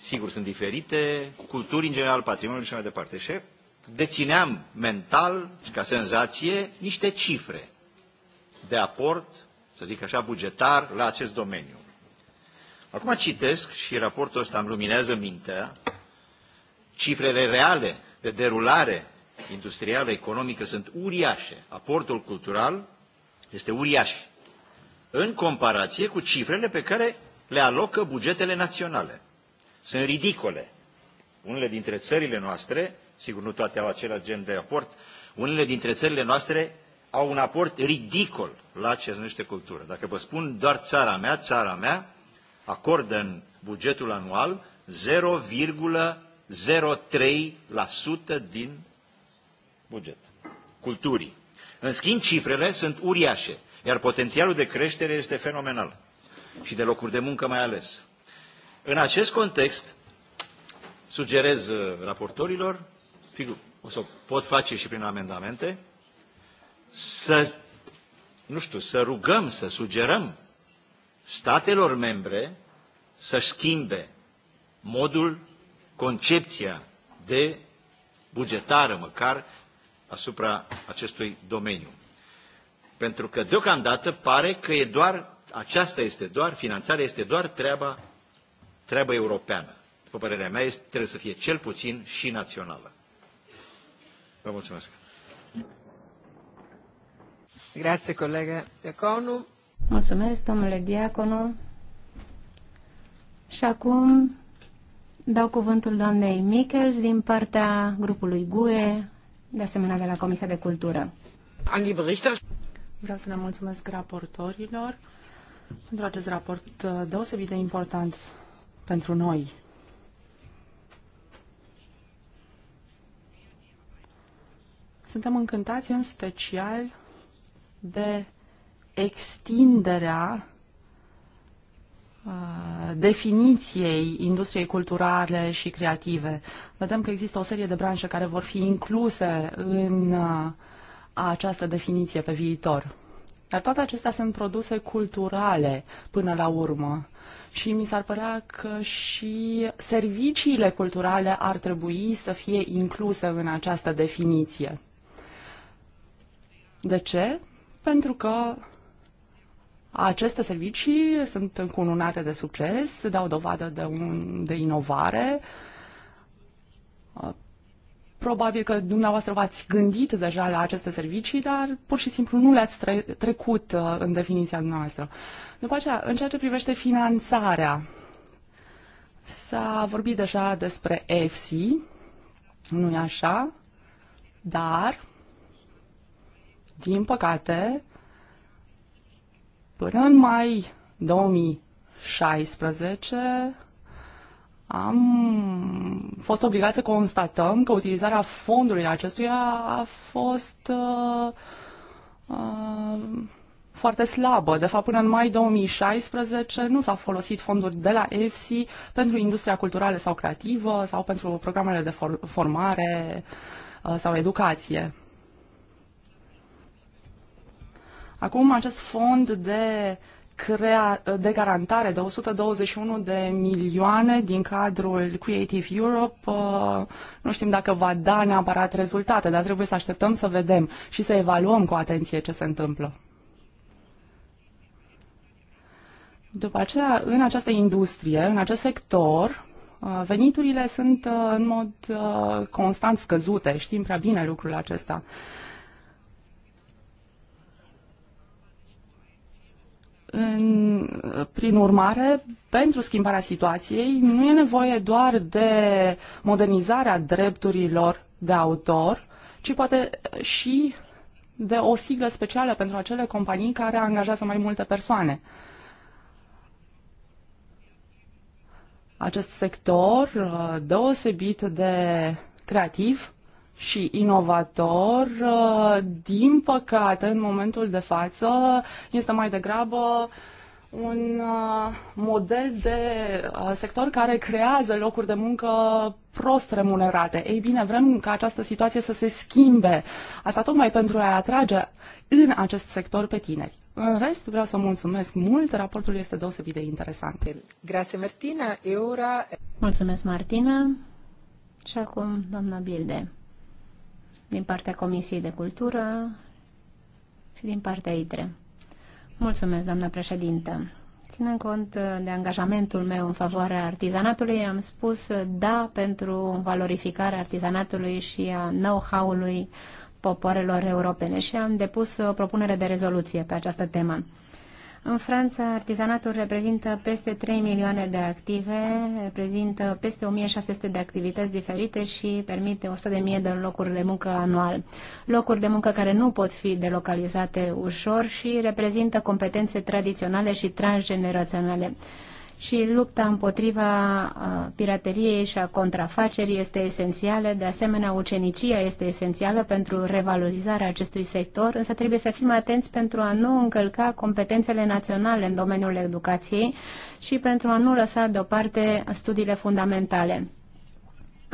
sigur sunt diferite, culturi în general, patrimoniul și mai departe. Și dețineam mental, ca senzație, niște cifre de aport, să zic așa, bugetar la acest domeniu. Acum citesc și raportul ăsta îmi luminează mintea, cifrele reale de derulare industrială, economică sunt uriașe. Aportul cultural este uriaș. În comparație cu cifrele pe care le alocă bugetele naționale. Sunt ridicole. Unele dintre țările noastre, sigur nu toate au același gen de aport, unele dintre țările noastre au un aport ridicol la ce se numește cultură. Dacă vă spun doar țara mea, țara mea acordă în bugetul anual 0,03% din buget culturii. În schimb, cifrele sunt uriașe, iar potențialul de creștere este fenomenal și de locuri de muncă mai ales. În acest context, sugerez uh, raportorilor, figu, o să o pot face și prin amendamente, să, nu știu, să rugăm, să sugerăm statelor membre să schimbe modul, concepția de bugetară măcar, asupra acestui domeniu. Pentru că deocamdată pare că e doar, aceasta este doar, finanțarea este doar treaba, treaba europeană. După părerea mea, este, trebuie să fie cel puțin și națională. Vă mulțumesc.
Grazie, colegă Diaconu. Mulțumesc, domnule Diaconu. Și acum dau cuvântul doamnei Michels din partea grupului GUE de asemenea de la Comisia de Cultură.
Vreau să ne mulțumesc raportorilor pentru acest raport uh, deosebit de important pentru noi. Suntem încântați în special de extinderea uh, definiției industriei culturale și creative. Vedem că există o serie de branșe care vor fi incluse în uh, această definiție pe viitor. Dar toate acestea sunt produse culturale până la urmă. Și mi s-ar părea că și serviciile culturale ar trebui să fie incluse în această definiție. De ce? Pentru că aceste servicii sunt încununate de succes, dau dovadă de, un, de inovare. Probabil că dumneavoastră v-ați gândit deja la aceste servicii, dar pur și simplu nu le-ați tre- trecut uh, în definiția noastră. După aceea, în ceea ce privește finanțarea, s-a vorbit deja despre EFSI, nu-i așa? Dar, din păcate, Până în mai 2016 am fost obligat să constatăm că utilizarea fondului acestuia a fost uh, uh, foarte slabă. De fapt, până în mai 2016 nu s-au folosit fonduri de la EFSI pentru industria culturală sau creativă sau pentru programele de for- formare uh, sau educație. Acum acest fond de, crea- de garantare de 121 de milioane din cadrul Creative Europe, uh, nu știm dacă va da neapărat rezultate, dar trebuie să așteptăm să vedem și să evaluăm cu atenție ce se întâmplă. După aceea, în această industrie, în acest sector, uh, veniturile sunt uh, în mod constant scăzute. Știm prea bine lucrul acesta. În, prin urmare, pentru schimbarea situației nu e nevoie doar de modernizarea drepturilor de autor, ci poate și de o siglă specială pentru acele companii care angajează mai multe persoane. Acest sector uh, deosebit de creativ și inovator, uh, din păcate, în momentul de față, este mai degrabă un uh, model de uh, sector care creează locuri de muncă prost remunerate. Ei bine, vrem ca această situație să se schimbe. Asta tocmai pentru a atrage în acest sector pe tineri. În rest, vreau să mulțumesc mult. Raportul este deosebit
de interesant. Grazie, Martina. E ora... Mulțumesc, Martina. Și acum, doamna Bilde din partea Comisiei de Cultură și din partea ITRE. Mulțumesc, doamna președintă. Ținând cont de angajamentul meu în favoarea artizanatului, am spus da pentru valorificarea artizanatului și a know-how-ului popoarelor europene și am depus o propunere de rezoluție pe această temă. În Franța, artizanatul reprezintă peste 3 milioane de active, reprezintă peste 1600 de activități diferite și permite 100.000 de locuri de muncă anual. Locuri de muncă care nu pot fi delocalizate ușor și reprezintă competențe tradiționale și transgeneraționale și lupta împotriva pirateriei și a contrafacerii este esențială, de asemenea ucenicia este esențială pentru revalorizarea acestui sector, însă trebuie să fim atenți pentru a nu încălca competențele naționale în domeniul educației și pentru a nu lăsa deoparte studiile fundamentale.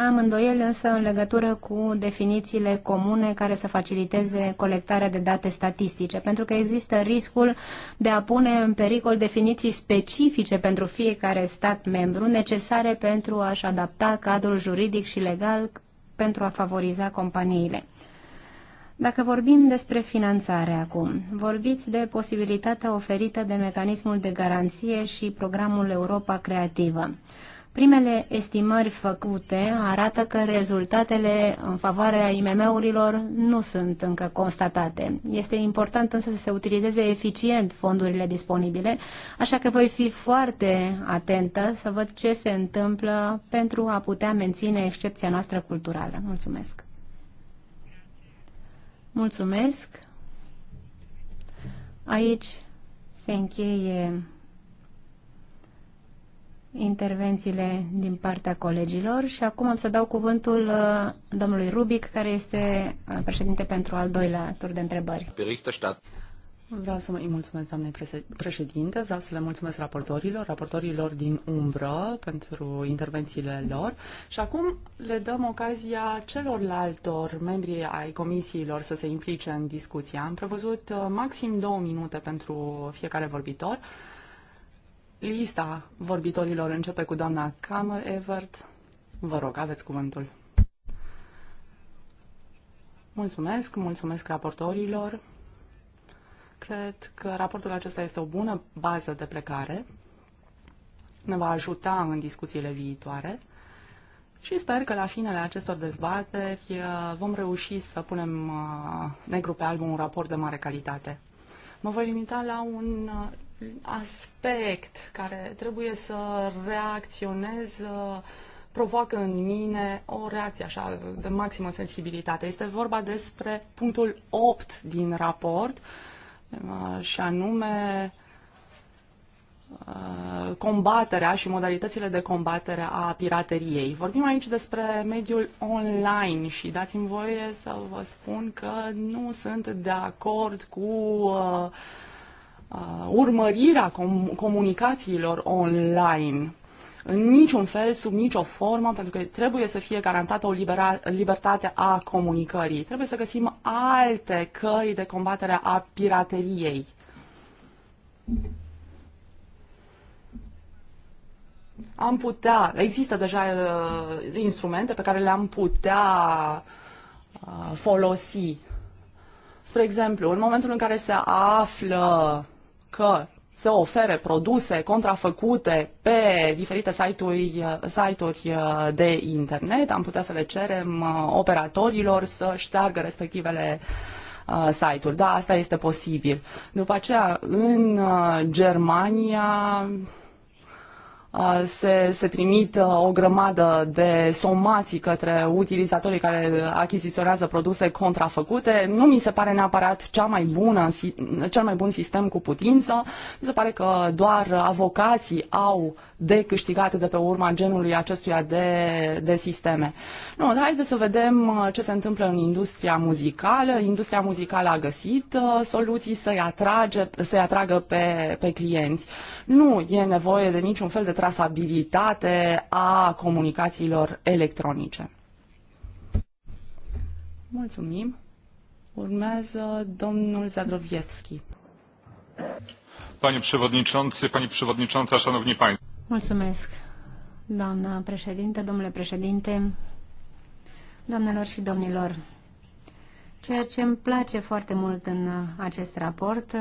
Am îndoieli însă în legătură cu definițiile comune care să faciliteze colectarea de date statistice, pentru că există riscul de a pune în pericol definiții specifice pentru fiecare stat membru necesare pentru a-și adapta cadrul juridic și legal pentru a favoriza companiile. Dacă vorbim despre finanțare acum, vorbiți de posibilitatea oferită de mecanismul de garanție și programul Europa Creativă. Primele estimări făcute arată că rezultatele în favoarea IMM-urilor nu sunt încă constatate. Este important însă să se utilizeze eficient fondurile disponibile, așa că voi fi foarte atentă să văd ce se întâmplă pentru a putea menține excepția noastră culturală. Mulțumesc! Mulțumesc! Aici se încheie intervențiile din partea colegilor și acum am să dau cuvântul uh, domnului Rubic, care este uh, președinte pentru al doilea tur de întrebări.
Vreau să mă mulțumesc, doamne președinte, vreau să le mulțumesc raportorilor, raportorilor din umbră pentru intervențiile lor și acum le dăm ocazia celorlaltor membri ai comisiilor să se implice în discuție. Am prevăzut uh, maxim două minute pentru fiecare vorbitor. Lista vorbitorilor începe cu doamna Camer Evert. Vă rog, aveți cuvântul. Mulțumesc, mulțumesc raportorilor. Cred că raportul acesta este o bună bază de plecare. Ne va ajuta în discuțiile viitoare și sper că la finele acestor dezbateri uh, vom reuși să punem uh, negru pe alb un raport de mare calitate. Mă voi limita la un uh, aspect care trebuie să reacționez provoacă în mine o reacție așa de maximă sensibilitate. Este vorba despre punctul 8 din raport și anume uh, combaterea și modalitățile de combatere a pirateriei. Vorbim aici despre mediul online și dați-mi voie să vă spun că nu sunt de acord cu uh, Uh, urmărirea com- comunicațiilor online în niciun fel, sub nicio formă, pentru că trebuie să fie garantată o libera, libertate a comunicării. Trebuie să găsim alte căi de combatere a pirateriei. Am putea, există deja uh, instrumente pe care le-am putea uh, folosi. Spre exemplu, în momentul în care se află uh, că se ofere produse contrafăcute pe diferite site-uri, site-uri uh, de internet. Am putea să le cerem uh, operatorilor să șteargă respectivele uh, site-uri. Da, asta este posibil. După aceea, în Germania, se, se trimit o grămadă de somații către utilizatorii care achiziționează produse contrafăcute. Nu mi se pare neapărat cea mai bună, cel mai bun sistem cu putință. Mi se pare că doar avocații au de câștigat de pe urma genului acestuia de, de sisteme. Nu, dar haideți să vedem ce se întâmplă în industria muzicală. Industria muzicală a găsit soluții să-i, să atragă pe, pe clienți. Nu e nevoie de niciun fel de tra- trasabilitate a comunicațiilor electronice. Mulțumim. Urmează
domnul Zadrowiecki.
Panie przewodniczący, pani przewodnicząca, szanowni państwo.
Mulțumesc, doamna președinte, domnule președinte, doamnelor și domnilor. Ceea ce îmi place foarte mult în acest raport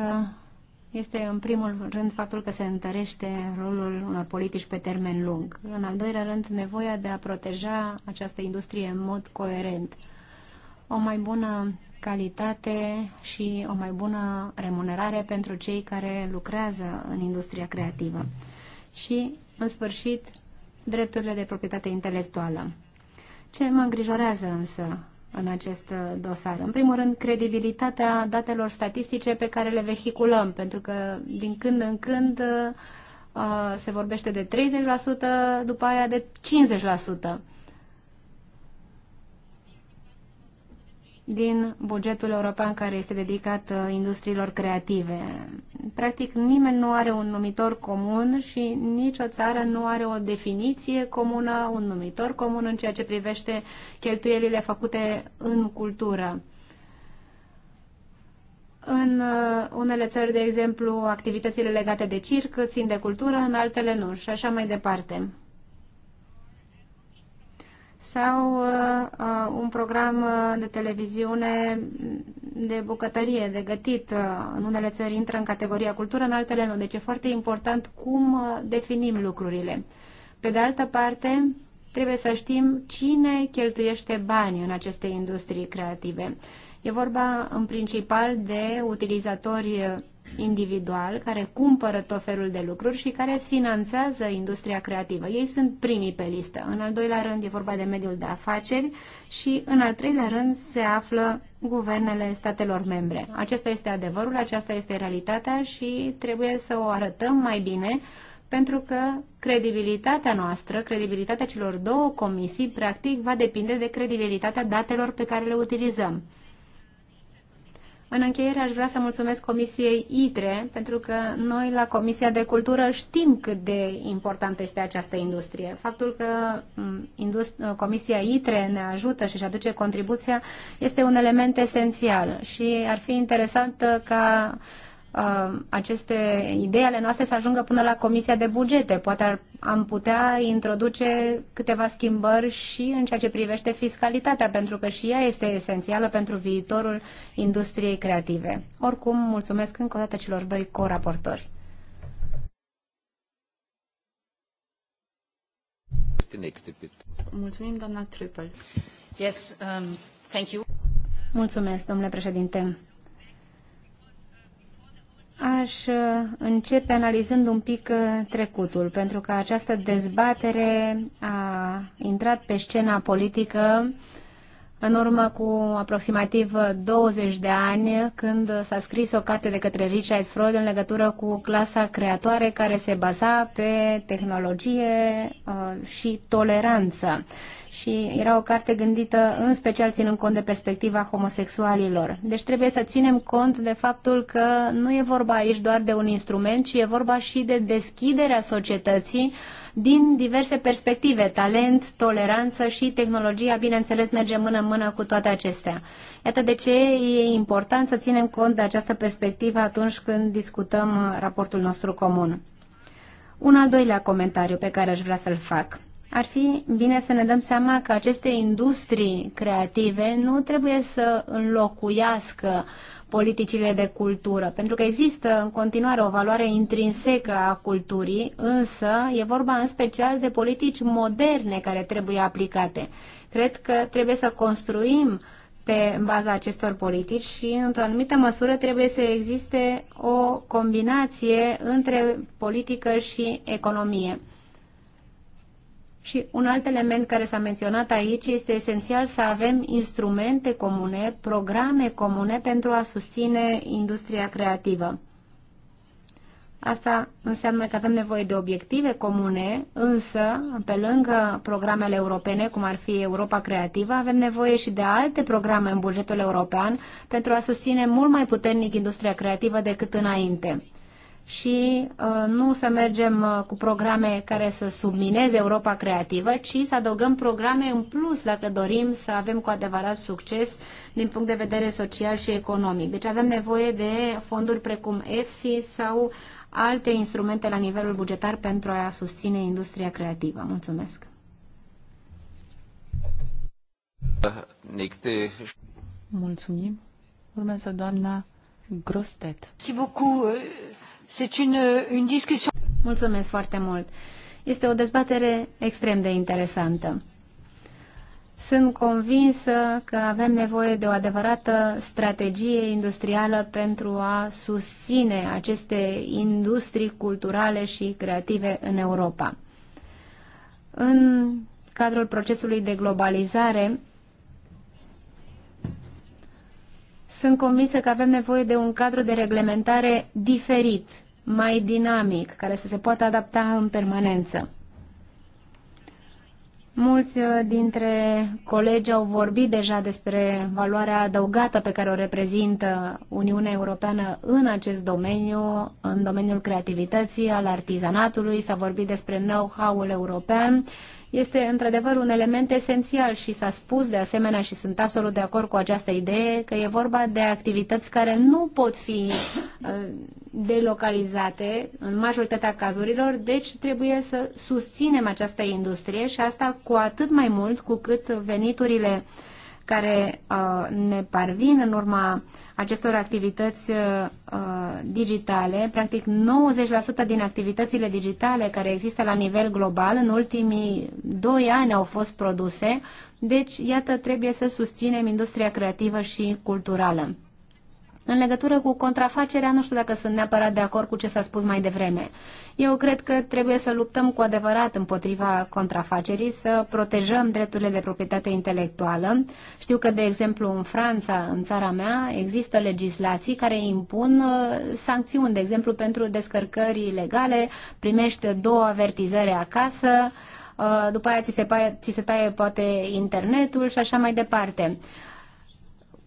este în primul rând faptul că se întărește rolul unor politici pe termen lung. În al doilea rând, nevoia de a proteja această industrie în mod coerent. O mai bună calitate și o mai bună remunerare pentru cei care lucrează în industria creativă. Și, în sfârșit, drepturile de proprietate intelectuală. Ce mă îngrijorează însă în acest uh, dosar. În primul rând, credibilitatea datelor statistice pe care le vehiculăm, pentru că din când în când uh, uh, se vorbește de 30%, după aia de 50%. din bugetul european care este dedicat uh, industriilor creative. Practic, nimeni nu are un numitor comun și nicio țară nu are o definiție comună, un numitor comun în ceea ce privește cheltuielile făcute în cultură. În uh, unele țări, de exemplu, activitățile legate de circ țin de cultură, în altele nu și așa mai departe sau uh, uh, un program uh, de televiziune de bucătărie, de gătit. Uh, în unele țări intră în categoria cultură, în altele nu. Deci e foarte important cum definim lucrurile. Pe de altă parte, trebuie să știm cine cheltuiește bani în aceste industrii creative. E vorba în principal de utilizatori individual care cumpără tot felul de lucruri și care finanțează industria creativă. Ei sunt primii pe listă. În al doilea rând e vorba de mediul de afaceri și în al treilea rând se află guvernele statelor membre. Acesta este adevărul, aceasta este realitatea și trebuie să o arătăm mai bine pentru că credibilitatea noastră, credibilitatea celor două comisii, practic, va depinde de credibilitatea datelor pe care le utilizăm. În încheiere aș vrea să mulțumesc Comisiei ITRE, pentru că noi la Comisia de Cultură știm cât de importantă este această industrie. Faptul că Comisia ITRE ne ajută și își aduce contribuția este un element esențial și ar fi interesant uh, ca Um, aceste idei ale noastre să ajungă până la Comisia de Bugete. Poate ar, am putea introduce câteva schimbări și în ceea ce privește fiscalitatea, pentru că și ea este esențială pentru viitorul industriei creative. Oricum, mulțumesc încă o dată celor doi coraportori. Mulțumim,
doamna Triple. Yes, um, thank you.
Mulțumesc, domnule președinte aș uh, începe analizând un pic uh, trecutul, pentru că această dezbatere a intrat pe scena politică în urmă cu aproximativ 20 uh, de ani, când s-a scris o carte de către Richard Freud în legătură cu clasa creatoare care se baza pe tehnologie și toleranță și era o carte gândită în special ținând cont de perspectiva homosexualilor. Deci trebuie să ținem cont de faptul că nu e vorba aici doar de un instrument, ci e vorba și de deschiderea societății din diverse perspective, talent, toleranță și tehnologia, bineînțeles, merge mână-mână cu toate acestea. Iată de ce e important să ținem cont de această perspectivă atunci când discutăm raportul nostru comun. Un al doilea comentariu pe care aș vrea să-l fac ar fi bine să ne dăm seama că aceste industrii creative nu trebuie să înlocuiască politicile de cultură, pentru că există în continuare o valoare intrinsecă a culturii, însă e vorba în special de politici moderne care trebuie aplicate. Cred că trebuie să construim pe baza acestor politici și, într-o anumită măsură, trebuie să existe o combinație între politică și economie. Și un alt element care s-a menționat aici este esențial să avem instrumente comune, programe comune pentru a susține industria creativă. Asta înseamnă că avem nevoie de obiective comune, însă, pe lângă programele europene, cum ar fi Europa Creativă, avem nevoie și de alte programe în bugetul european pentru a susține mult mai puternic industria creativă decât înainte și uh, nu să mergem uh, cu programe care să submineze Europa creativă, ci să adăugăm programe în plus dacă dorim să avem cu adevărat succes din punct de vedere social și economic. Deci avem nevoie de fonduri precum EFSI sau alte instrumente la nivelul bugetar pentru a susține industria creativă. Mulțumesc! Mulțumim! Urmează doamna
Grostet.
Mulțumim! Mulțumesc foarte mult. Este o dezbatere extrem de interesantă. Sunt convinsă că avem nevoie de o adevărată strategie industrială pentru a susține aceste industrii culturale și creative în Europa. În cadrul procesului de globalizare, Sunt convinsă că avem nevoie de un cadru de reglementare diferit, mai dinamic, care să se poată adapta în permanență. Mulți uh, dintre colegi au vorbit deja despre valoarea adăugată pe care o reprezintă Uniunea Europeană în acest domeniu, în domeniul creativității, al artizanatului, s-a vorbit despre know-how-ul european este într-adevăr un element esențial și s-a spus de asemenea și sunt absolut de acord cu această idee că e vorba de activități care nu pot fi uh, delocalizate în majoritatea cazurilor, deci trebuie să susținem această industrie și asta cu atât mai mult cu cât veniturile uh, care uh, ne parvin în urma acestor activități uh, digitale. Practic 90% din activitățile digitale care există la nivel global în ultimii 2 ani au fost produse. Deci, iată, trebuie să susținem industria creativă și culturală. În legătură cu contrafacerea, nu știu dacă sunt neapărat de acord cu ce s-a spus mai devreme. Uh, eu cred că trebuie să luptăm cu adevărat împotriva contrafacerii, să protejăm drepturile de proprietate intelectuală. Știu că, de exemplu, în Franța, în țara mea, există legislații care impun uh, sancțiuni. De exemplu, pentru descărcări ilegale primește două avertizări acasă, uh, după aia ți se, ți se taie poate internetul și așa mai departe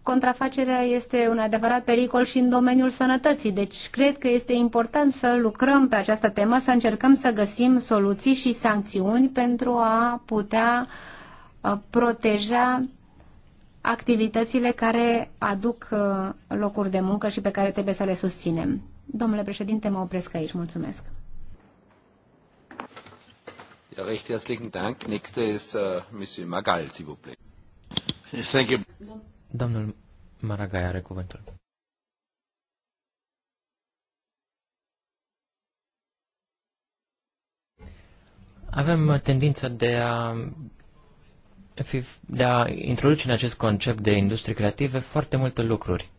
contrafacerea este un adevărat pericol și în domeniul sănătății. Deci cred că este important să lucrăm pe această temă, să încercăm să găsim soluții și sancțiuni pentru a putea uh, proteja activitățile care aduc uh, locuri de muncă și pe care trebuie să le susținem. Domnule președinte, mă opresc aici. Mulțumesc.
Ja, recht herzlichen Dank. Nächste ist uh, äh, Monsieur Magal, s'il vous plaît. Thank you.
Domnul Maragai are cuvântul. Avem tendința de a, fi, de a introduce în acest concept de industrie creative foarte multe lucruri.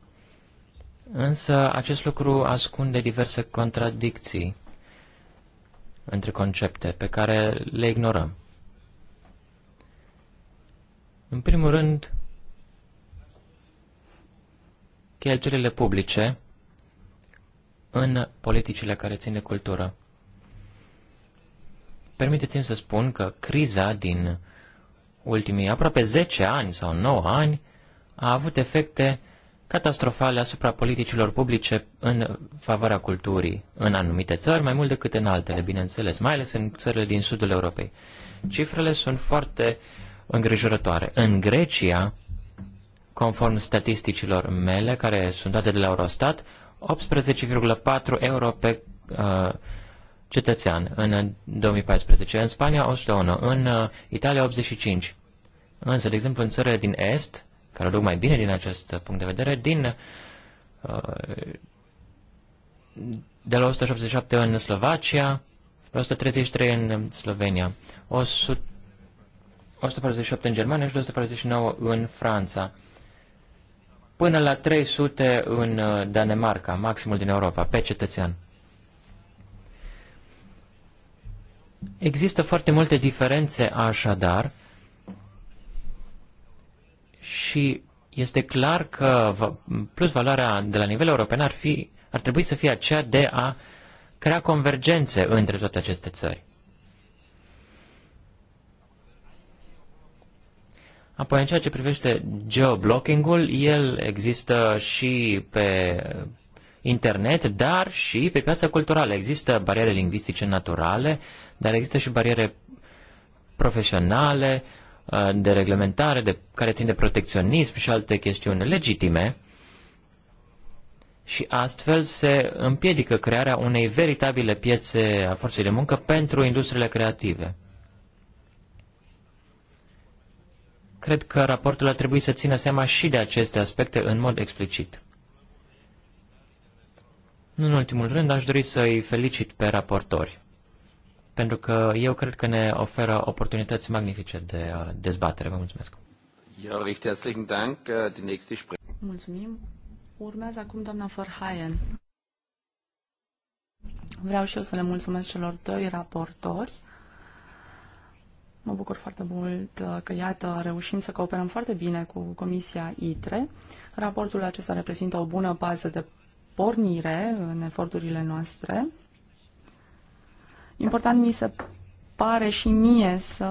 Însă acest lucru ascunde diverse contradicții între concepte pe care le ignorăm. În primul rând, cheltuielile publice în politicile care țin de cultură. Permiteți-mi să spun că criza din ultimii aproape 10 ani sau 9 ani a avut efecte catastrofale asupra politicilor publice în favoarea culturii în anumite țări, mai mult decât în altele, bineînțeles, mai ales în țările din sudul Europei. Cifrele sunt foarte îngrijorătoare. În Grecia, Conform statisticilor mele, care sunt date de la Eurostat, 18,4 euro pe uh, cetățean în 2014, în Spania 101, în uh, Italia 85. Însă, de exemplu, în țările din Est, care o duc mai bine din acest punct de vedere, din uh, de la 187 în Slovacia, la 133 în Slovenia, 100, 147 în Germania și 249 în Franța până la 300 în uh, Danemarca, maximul din Europa, pe cetățean. Există foarte multe diferențe așadar și este clar că plus valoarea de la nivel european ar, fi, ar trebui să fie aceea de a crea convergențe între toate aceste țări. Apoi, în ceea ce privește geoblocking-ul, el există și pe internet, dar și pe piața culturală. Există bariere lingvistice naturale, dar există și bariere profesionale, uh, de reglementare, de, care țin de protecționism și alte chestiuni legitime. Și astfel se împiedică crearea unei veritabile piețe a forței de muncă pentru industriile creative. Cred că raportul ar trebui să țină seama și de aceste aspecte în mod explicit. Nu în ultimul rând, aș dori să-i felicit pe raportori, pentru că eu cred că ne oferă oportunități magnifice de uh, dezbatere. Vă mulțumesc!
Äh, Mulțumim. Urmează acum doamna Verheyen. Vreau și eu să le mulțumesc celor doi raportori. Mă bucur foarte mult uh, că, iată, reușim să cooperăm foarte bine cu Comisia ITRE. Raportul acesta reprezintă o bună bază de pornire în eforturile noastre. Important mi se pare și mie să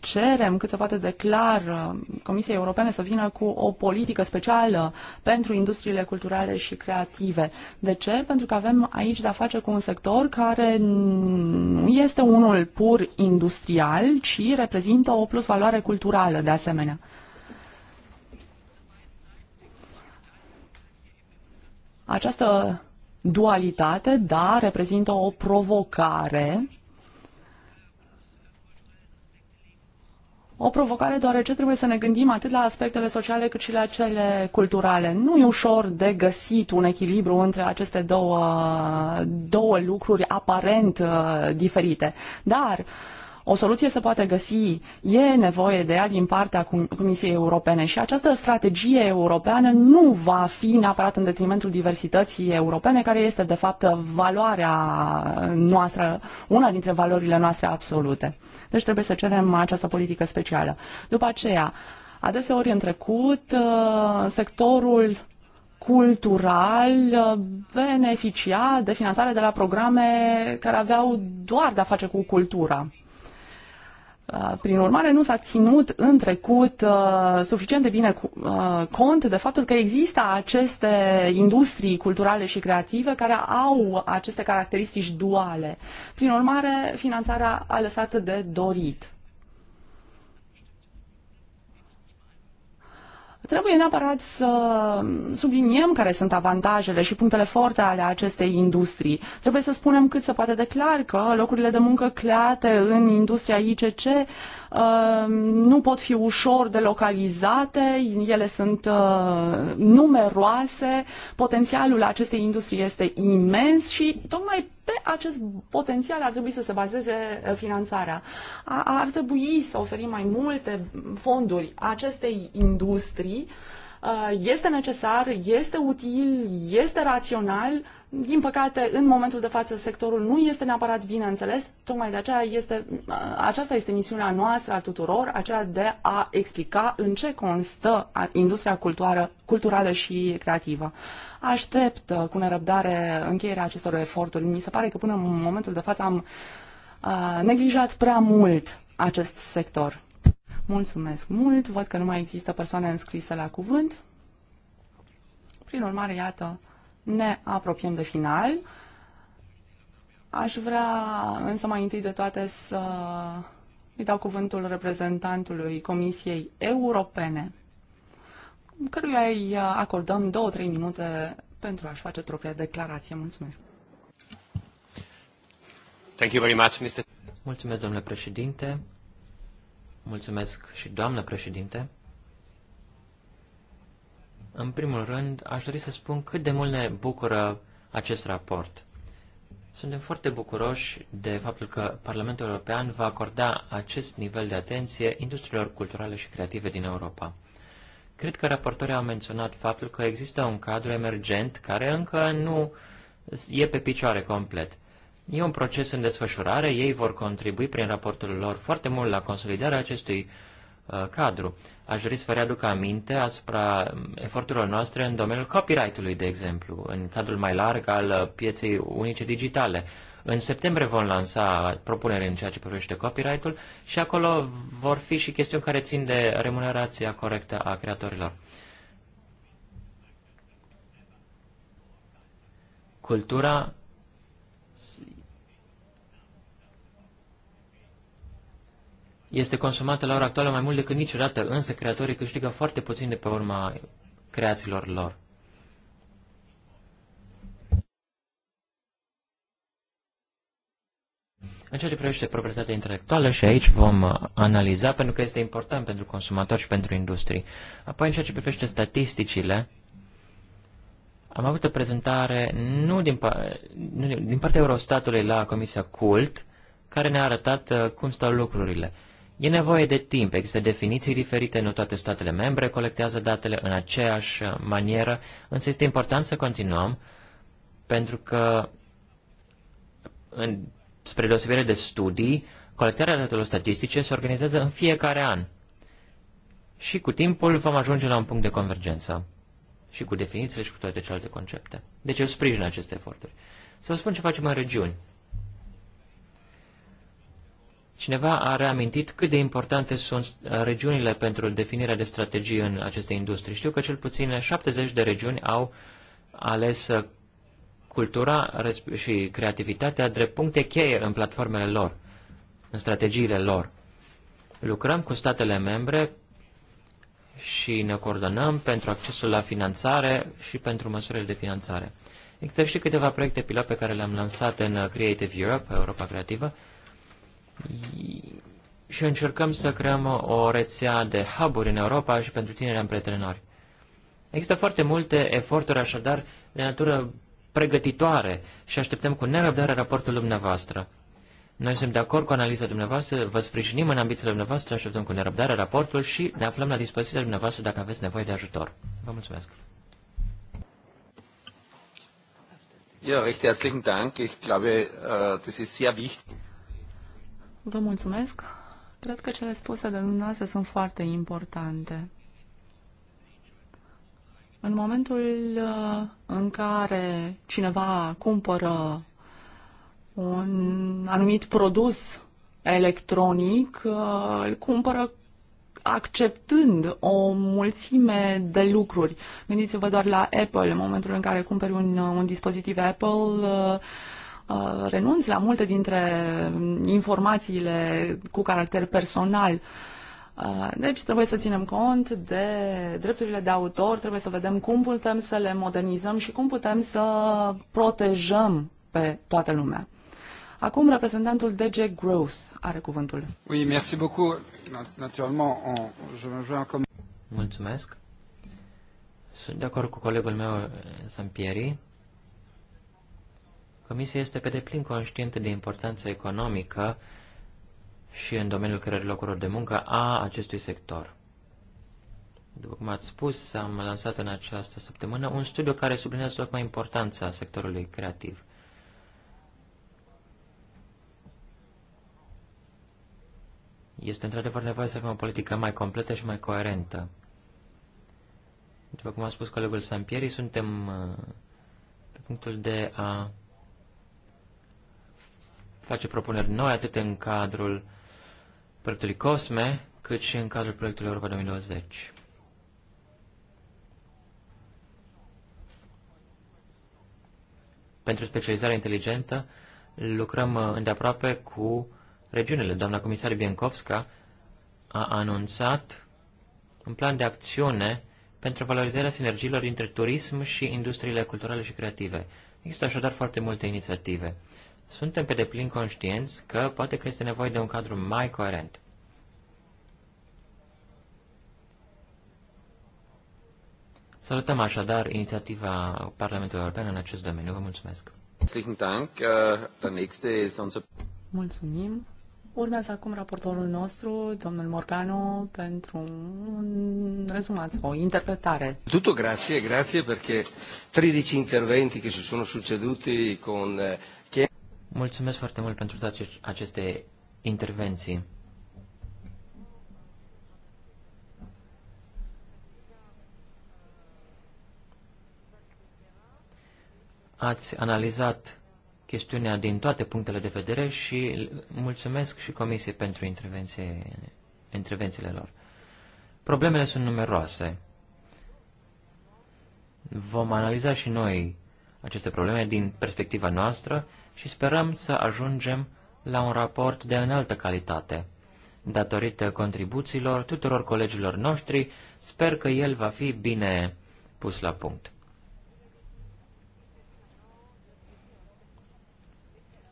cerem cât se poate de clar uh, Comisiei Europene să vină cu o politică specială pentru industriile culturale și creative. De ce? Pentru că avem aici de-a face cu un sector care nu este unul pur industrial, ci reprezintă o plusvaloare culturală de asemenea. Această dualitate, da, reprezintă o provocare o provocare deoarece trebuie să ne gândim atât la aspectele sociale cât și la cele culturale. Nu e ușor de găsit un echilibru între aceste două, două lucruri aparent uh, diferite, dar uh, o soluție se poate găsi, e nevoie de ea din partea Comisiei Europene și această strategie europeană nu va fi neapărat în detrimentul diversității europene, care este de fapt valoarea noastră, una dintre valorile noastre absolute. Deci trebuie să cerem această politică specială. După aceea, adeseori în trecut, uh, sectorul cultural uh, beneficia de finanțare de la programe care aveau doar de-a face cu cultura. Uh, prin urmare, nu s-a ținut în trecut uh, suficient de bine cu, uh, cont de faptul că există aceste industrii culturale și creative care au aceste caracteristici duale. Prin urmare, finanțarea a lăsat de dorit. Trebuie neapărat să subliniem care sunt avantajele și punctele forte ale acestei industrii. Trebuie să spunem cât se poate de clar că locurile de muncă create în industria ICC uh, nu pot fi ușor de localizate, ele sunt uh, numeroase, potențialul acestei industrii este imens și tocmai pe acest potențial ar trebui să se bazeze uh, finanțarea. Ar trebui să oferim mai multe fonduri acestei industrii uh, este necesar, este util, este rațional, din păcate, în momentul de față, sectorul nu este neapărat bine înțeles, tocmai de aceea este, aceasta este misiunea noastră a tuturor, aceea de a explica în ce constă industria culturală, culturală și creativă. Aștept uh, cu nerăbdare încheierea acestor eforturi. Mi se pare că până în momentul de față am uh, neglijat prea mult acest sector. Mulțumesc mult, văd că nu mai există persoane înscrise la cuvânt. Prin urmare, iată, ne apropiem de final. Aș vrea însă mai întâi de toate să îi dau cuvântul reprezentantului Comisiei Europene, căruia îi acordăm două-trei minute pentru a-și face propria declarație. Mulțumesc!
Thank you very much, Mr. Mulțumesc, domnule președinte. Mulțumesc și doamnă președinte. În primul rând, aș dori să spun cât de mult ne bucură acest raport. Suntem foarte bucuroși de faptul că Parlamentul European va acorda acest nivel de atenție industriilor culturale și creative din Europa. Cred că raportorii au menționat faptul că există un cadru emergent care încă nu e pe picioare complet. E un proces în desfășurare, ei vor contribui prin raportul lor foarte mult la consolidarea acestui uh, Uh, cadru. Aș dori să vă readuc aminte asupra um, eforturilor noastre în domeniul copyright-ului, de exemplu, în cadrul mai larg al uh, pieței unice digitale. În septembrie vom lansa propunere în ceea ce privește copyright-ul și acolo vor fi și chestiuni care țin de remunerația corectă a creatorilor. Cultura este consumată la ora actuală mai mult decât niciodată, însă creatorii câștigă foarte puțin de pe urma creațiilor lor. În ceea ce privește proprietatea intelectuală și aici vom uh, analiza pentru că este important pentru consumatori și pentru industrie. Apoi în ceea ce privește statisticile, am avut o prezentare nu din, nu din partea Eurostatului la Comisia CULT, care ne-a arătat uh, cum stau lucrurile. E nevoie de timp, există definiții diferite, nu toate statele membre colectează datele în aceeași manieră, însă este important să continuăm pentru că, în, spre deosebire de studii, colectarea datelor statistice se organizează în fiecare an. Și cu timpul vom ajunge la un punct de convergență și cu definițiile și cu toate celelalte concepte. Deci eu sprijin aceste eforturi. Să vă spun ce facem în regiuni. Cineva a reamintit cât de importante sunt uh, regiunile pentru definirea de strategii în aceste industrie. Știu că cel puțin 70 de regiuni au ales uh, cultura și creativitatea drept puncte cheie în platformele lor, în strategiile lor. Lucrăm cu statele membre și ne coordonăm pentru accesul la finanțare și pentru măsurile de finanțare. Există și câteva proiecte pilot pe care le-am lansat în uh, Creative Europe, Europa Creativă, și încercăm să creăm o rețea de hub-uri în Europa și pentru tineri antreprenori. Există foarte multe eforturi așadar de natură pregătitoare și așteptăm cu nerăbdare raportul dumneavoastră. Noi suntem de acord cu analiza dumneavoastră, vă sprijinim în ambițiile dumneavoastră, așteptăm cu nerăbdare raportul și ne aflăm la dispoziția dumneavoastră dacă aveți nevoie de ajutor. Vă mulțumesc!
Ja, recht herzlichen Dank. Ich glaube, äh, das ist sehr wichtig. Vă mulțumesc. Cred că cele spuse de dumneavoastră sunt foarte importante. În momentul uh, în care cineva cumpără un anumit produs electronic, uh, îl cumpără acceptând o mulțime de lucruri. Gândiți-vă doar la Apple, în momentul în care cumperi un, uh, un dispozitiv Apple, Uh, renunți la multe dintre informațiile cu caracter personal. Uh, deci trebuie să ținem cont de drepturile de autor, trebuie să vedem cum putem să le modernizăm și cum putem să protejăm pe toată lumea. Acum reprezentantul DG Growth are cuvântul.
Oui, merci beaucoup. Naturellement, on, je me joins comme...
Mulțumesc. Sunt de acord cu colegul meu, Sampieri. Comisia este pe deplin conștientă de importanța economică și în domeniul creării locurilor de muncă a acestui sector. După cum ați spus, am lansat în această săptămână un studiu care sublinează tocmai importanța sectorului creativ. Este într-adevăr nevoie să avem o politică mai completă și mai coerentă. După cum a spus colegul Sampieri, suntem uh, pe punctul de a face propuneri noi atât în cadrul proiectului COSME, cât și în cadrul proiectului Europa 2020. Pentru specializarea inteligentă lucrăm îndeaproape cu regiunile. Doamna comisar Biencovska a anunțat un plan de acțiune pentru valorizarea sinergiilor dintre turism și industriile culturale și creative. Există așadar foarte multe inițiative. Suntem pe deplin conștienți că poate că este nevoie de un cadru mai coerent. Salutăm așadar inițiativa Parlamentului European în acest domeniu. Vă mulțumesc.
Äh, Mulțumim. Urmează acum raportorul nostru, domnul Morgano, pentru un rezumat, o interpretare.
Tutto grazie, grazie perché 13 interventi che si sono succeduti con eh, Mulțumesc foarte mult pentru toate aceste intervenții. Ați analizat chestiunea din toate punctele de vedere și mulțumesc și Comisiei pentru intervenție, intervențiile lor. Problemele sunt numeroase. Vom analiza și noi aceste probleme din perspectiva noastră și sperăm să ajungem la un raport de înaltă calitate. Datorită contribuțiilor tuturor colegilor noștri, sper că el va fi bine pus la punct.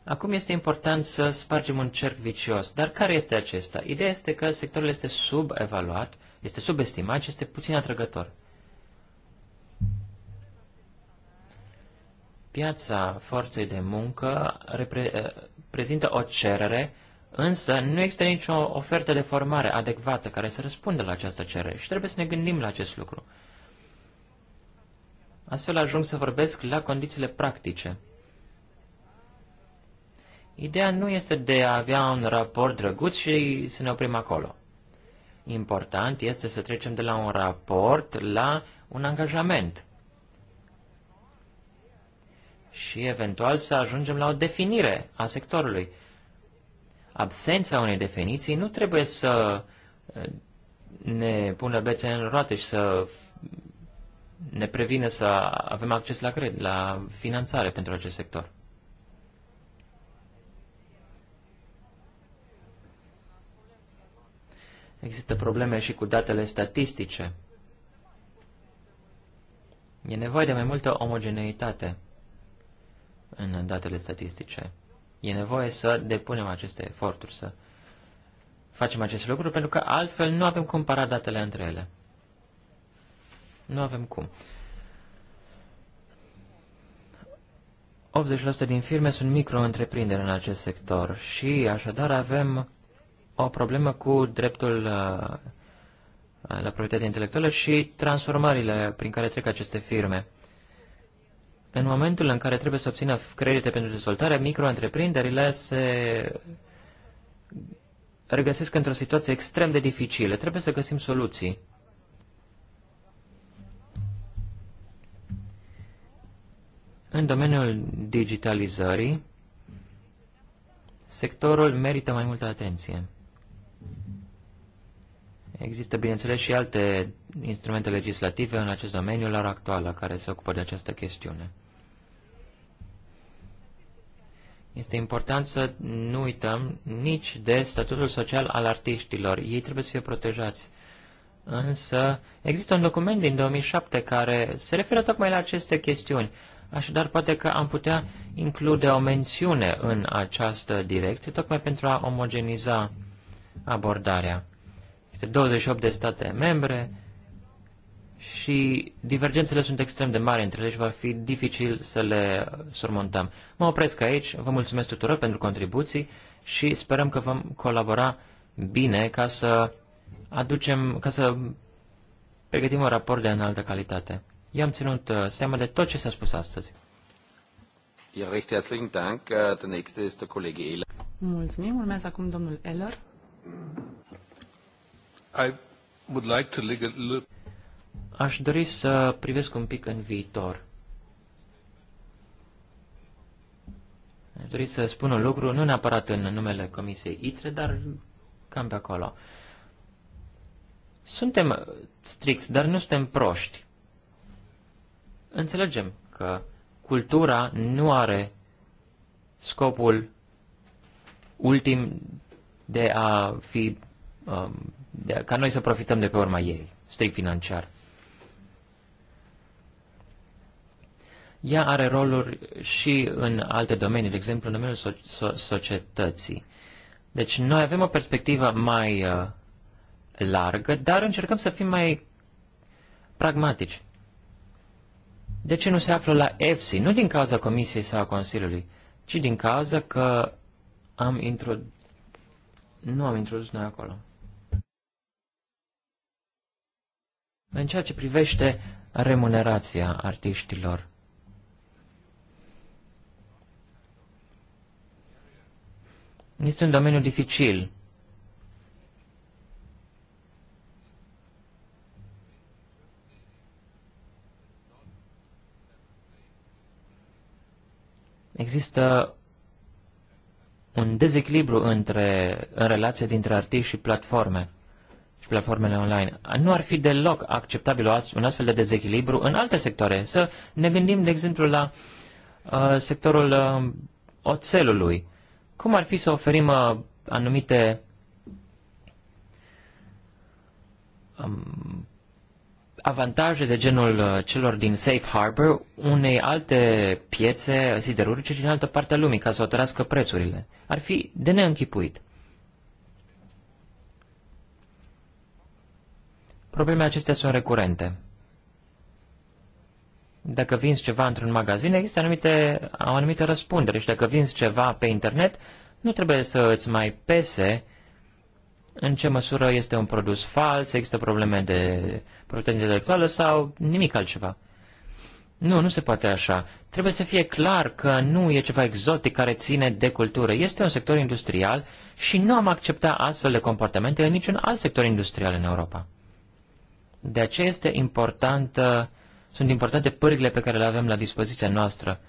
Acum este important să spargem un cerc vicios. Dar care este acesta? Ideea este că sectorul este subevaluat, este subestimat și este puțin atrăgător. Piața forței de muncă repre- eh, prezintă o cerere, însă nu există nicio ofertă de formare adecvată care să răspundă la această cerere și trebuie să ne gândim la acest lucru. Astfel ajung să vorbesc la condițiile practice. Ideea nu este de a avea un raport drăguț și să ne oprim acolo. Important este să trecem de la un raport la un angajament și eventual să ajungem la o definire a sectorului. Absența unei definiții nu trebuie să eh, ne pună bețe în roate și să ne previne să avem acces la, cred, la finanțare pentru acest sector. Există probleme și cu datele statistice. E nevoie de mai multă omogeneitate în datele statistice. E nevoie să depunem aceste eforturi, să facem aceste lucruri, pentru că altfel nu avem cum para datele între ele. Nu avem cum. 80% din firme sunt micro-întreprinderi în acest sector și așadar avem o problemă cu dreptul uh, la proprietate intelectuală și transformările prin care trec aceste firme. În momentul în care trebuie să obțină credite pentru dezvoltare, micro-întreprinderile se regăsesc într-o situație extrem de dificilă. Trebuie să găsim soluții. În domeniul digitalizării, sectorul merită mai multă atenție. Există, bineînțeles, și alte instrumente legislative în acest domeniu la ora actuală care se ocupă de această chestiune. Este important să nu uităm nici de statutul social al artiștilor. Ei trebuie să fie protejați. Însă există un document din 2007 care se referă tocmai la aceste chestiuni. Așadar, poate că am putea include o mențiune în această direcție, tocmai pentru a omogeniza abordarea. Este 28 de state membre, și divergențele sunt extrem de mari între ele și va fi dificil să le surmontăm. Mă opresc aici, vă mulțumesc tuturor pentru contribuții și sperăm că vom colabora bine ca să aducem, ca să pregătim un raport de înaltă calitate. Eu am ținut uh, seama de tot ce s-a spus astăzi.
herzlichen Dank. Äh, der nächste ist der Kollege
Mulțumim. Urmează acum domnul Eller.
I would like to
Aș dori să privesc un pic în viitor. Aș dori să spun un lucru, nu neapărat în numele Comisiei ITRE, dar cam pe acolo. Suntem stricți, dar nu suntem proști. Înțelegem că cultura nu are scopul ultim de a fi, um, de a, ca noi să profităm de pe urma ei, strict financiar. Ea are roluri și în alte domenii, de exemplu în domeniul so- so- societății. Deci noi avem o perspectivă mai uh, largă, dar încercăm să fim mai pragmatici. De ce nu se află la EFSI? Nu din cauza Comisiei sau a Consiliului, ci din cauza că am introdus... Nu am introdus noi acolo. În ceea ce privește remunerația artiștilor, Este un domeniu dificil. Există un dezechilibru între, în relație dintre artiști și platforme și platformele online. Nu ar fi deloc acceptabil un astfel de dezechilibru în alte sectoare. Să ne gândim, de exemplu, la uh, sectorul uh, oțelului. Uh, cum ar fi să oferim uh, anumite um, avantaje de genul uh, celor din Safe Harbor unei alte piețe siderurgice din altă parte a lumii ca să oterească prețurile? Ar fi de neînchipuit. Problemele acestea sunt recurente. Dacă vinzi ceva într-un magazin, există anumite, o anumită răspundere și dacă vinzi ceva pe internet, nu trebuie să îți mai pese în ce măsură este un produs fals, există probleme de proprietate intelectuală sau nimic altceva. Nu, nu se poate așa. Trebuie să fie clar că nu e ceva exotic care ține de cultură. Este un sector industrial și nu am acceptat astfel de comportamente în niciun alt sector industrial în Europa. De aceea este importantă sunt importante pârghile pe care le avem la dispoziția noastră.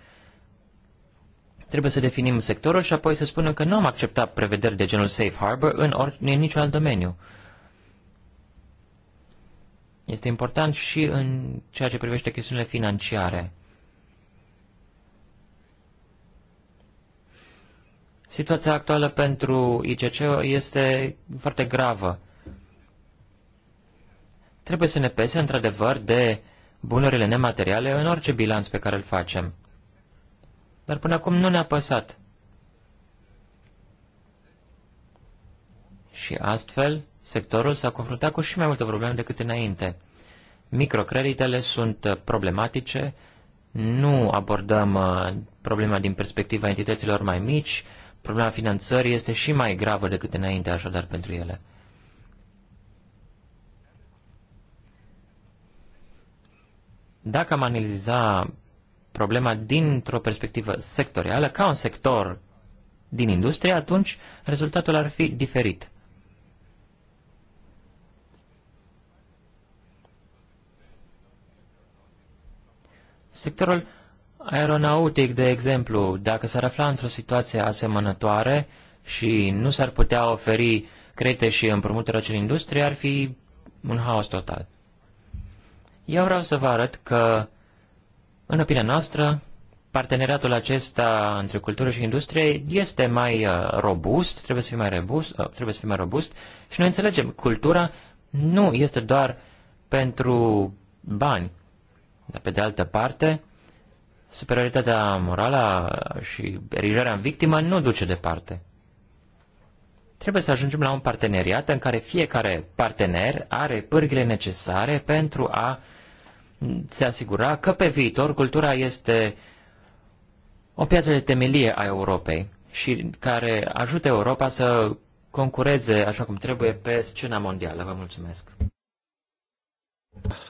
Trebuie să definim sectorul și apoi să spunem că nu am acceptat prevederi de genul safe harbor în, or- în niciun alt domeniu. Este important și în ceea ce privește chestiunile financiare. Situația actuală pentru ICC este foarte gravă. Trebuie să ne pese într-adevăr de bunurile nemateriale în orice bilanț pe care îl facem. Dar până acum nu ne-a păsat. Și astfel, sectorul s-a confruntat cu și mai multe probleme decât înainte. Microcreditele sunt uh, problematice, nu abordăm uh, problema din perspectiva entităților mai mici, problema finanțării este și mai gravă decât înainte, așadar, pentru ele. Dacă am analiza problema dintr-o perspectivă sectorială, ca un sector din industrie, atunci rezultatul ar fi diferit. Sectorul aeronautic, de exemplu, dacă s-ar afla într-o situație asemănătoare și nu s-ar putea oferi crete și împrumuturi acelei industrie, ar fi un haos total. Eu vreau să vă arăt că, în opinia noastră, parteneriatul acesta între cultură și industrie este mai uh, robust, trebuie să fie mai robust, uh, trebuie să fie mai robust și noi înțelegem, cultura nu este doar pentru bani. Dar pe de altă parte, superioritatea morală și erijarea în victimă nu duce departe. Trebuie să ajungem la un parteneriat în care fiecare partener are pârghile necesare pentru a uh, se asigura că pe viitor cultura este o piatră de temelie a Europei și care ajută Europa să concureze așa cum trebuie pe scena mondială. Vă mulțumesc!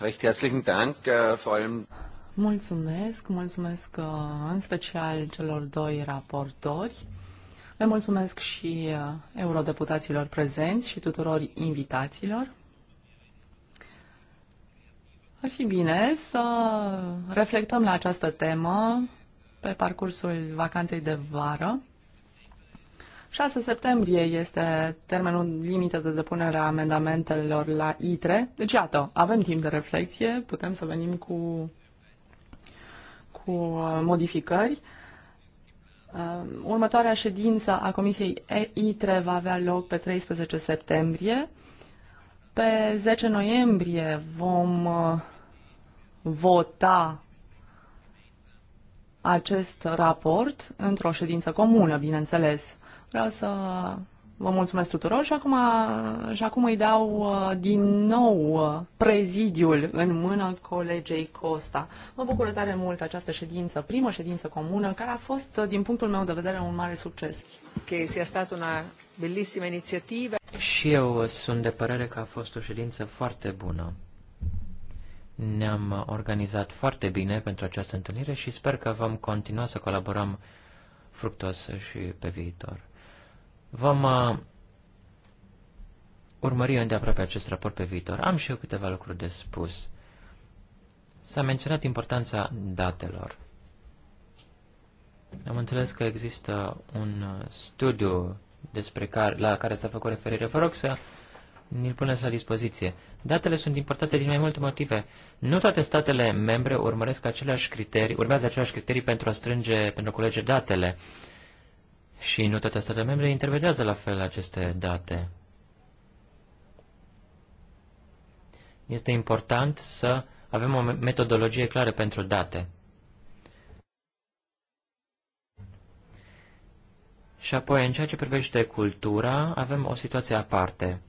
Recht herzlichen Dank, äh, vor allem Mulțumesc, mulțumesc äh, în special celor doi raportori. Le mulțumesc și äh, eurodeputaților prezenți și tuturor invitaților. Ar fi bine să reflectăm la această temă pe parcursul vacanței de vară. 6 septembrie este termenul limită de depunere a amendamentelor la ITRE. Deci, iată, avem timp de reflexie, putem să venim cu, cu uh, modificări. Uh, următoarea ședință a Comisiei ITRE va avea loc pe 13 septembrie. Pe 10 noiembrie vom uh, vota acest raport într-o ședință comună, bineînțeles. Vreau să vă mulțumesc tuturor și acum, și acum îi dau uh, din nou uh, prezidiul în mână colegei Costa. Mă bucură tare mult această ședință, primă ședință comună, care a fost, din punctul meu de vedere, un mare succes. s-a stat una bellissima inițiativă.
Și eu sunt de părere că a fost o ședință foarte bună. Ne-am organizat foarte bine pentru această întâlnire și sper că vom continua să colaborăm fructos și pe viitor. Vom uh, urmări îndeaproape acest raport pe viitor. Am și eu câteva lucruri de spus. S-a menționat importanța datelor. Am înțeles că există un studiu despre care, la care s-a făcut referire, vă rog să ni-l puneți la dispoziție. Datele sunt importate din mai multe motive. Nu toate statele membre urmăresc aceleași criterii, urmează aceleași criterii pentru a strânge, pentru a culege datele. Și nu toate statele membre intervedează la fel aceste date. Este important să avem o metodologie clară pentru date. Și apoi, în ceea ce privește cultura, avem o situație aparte.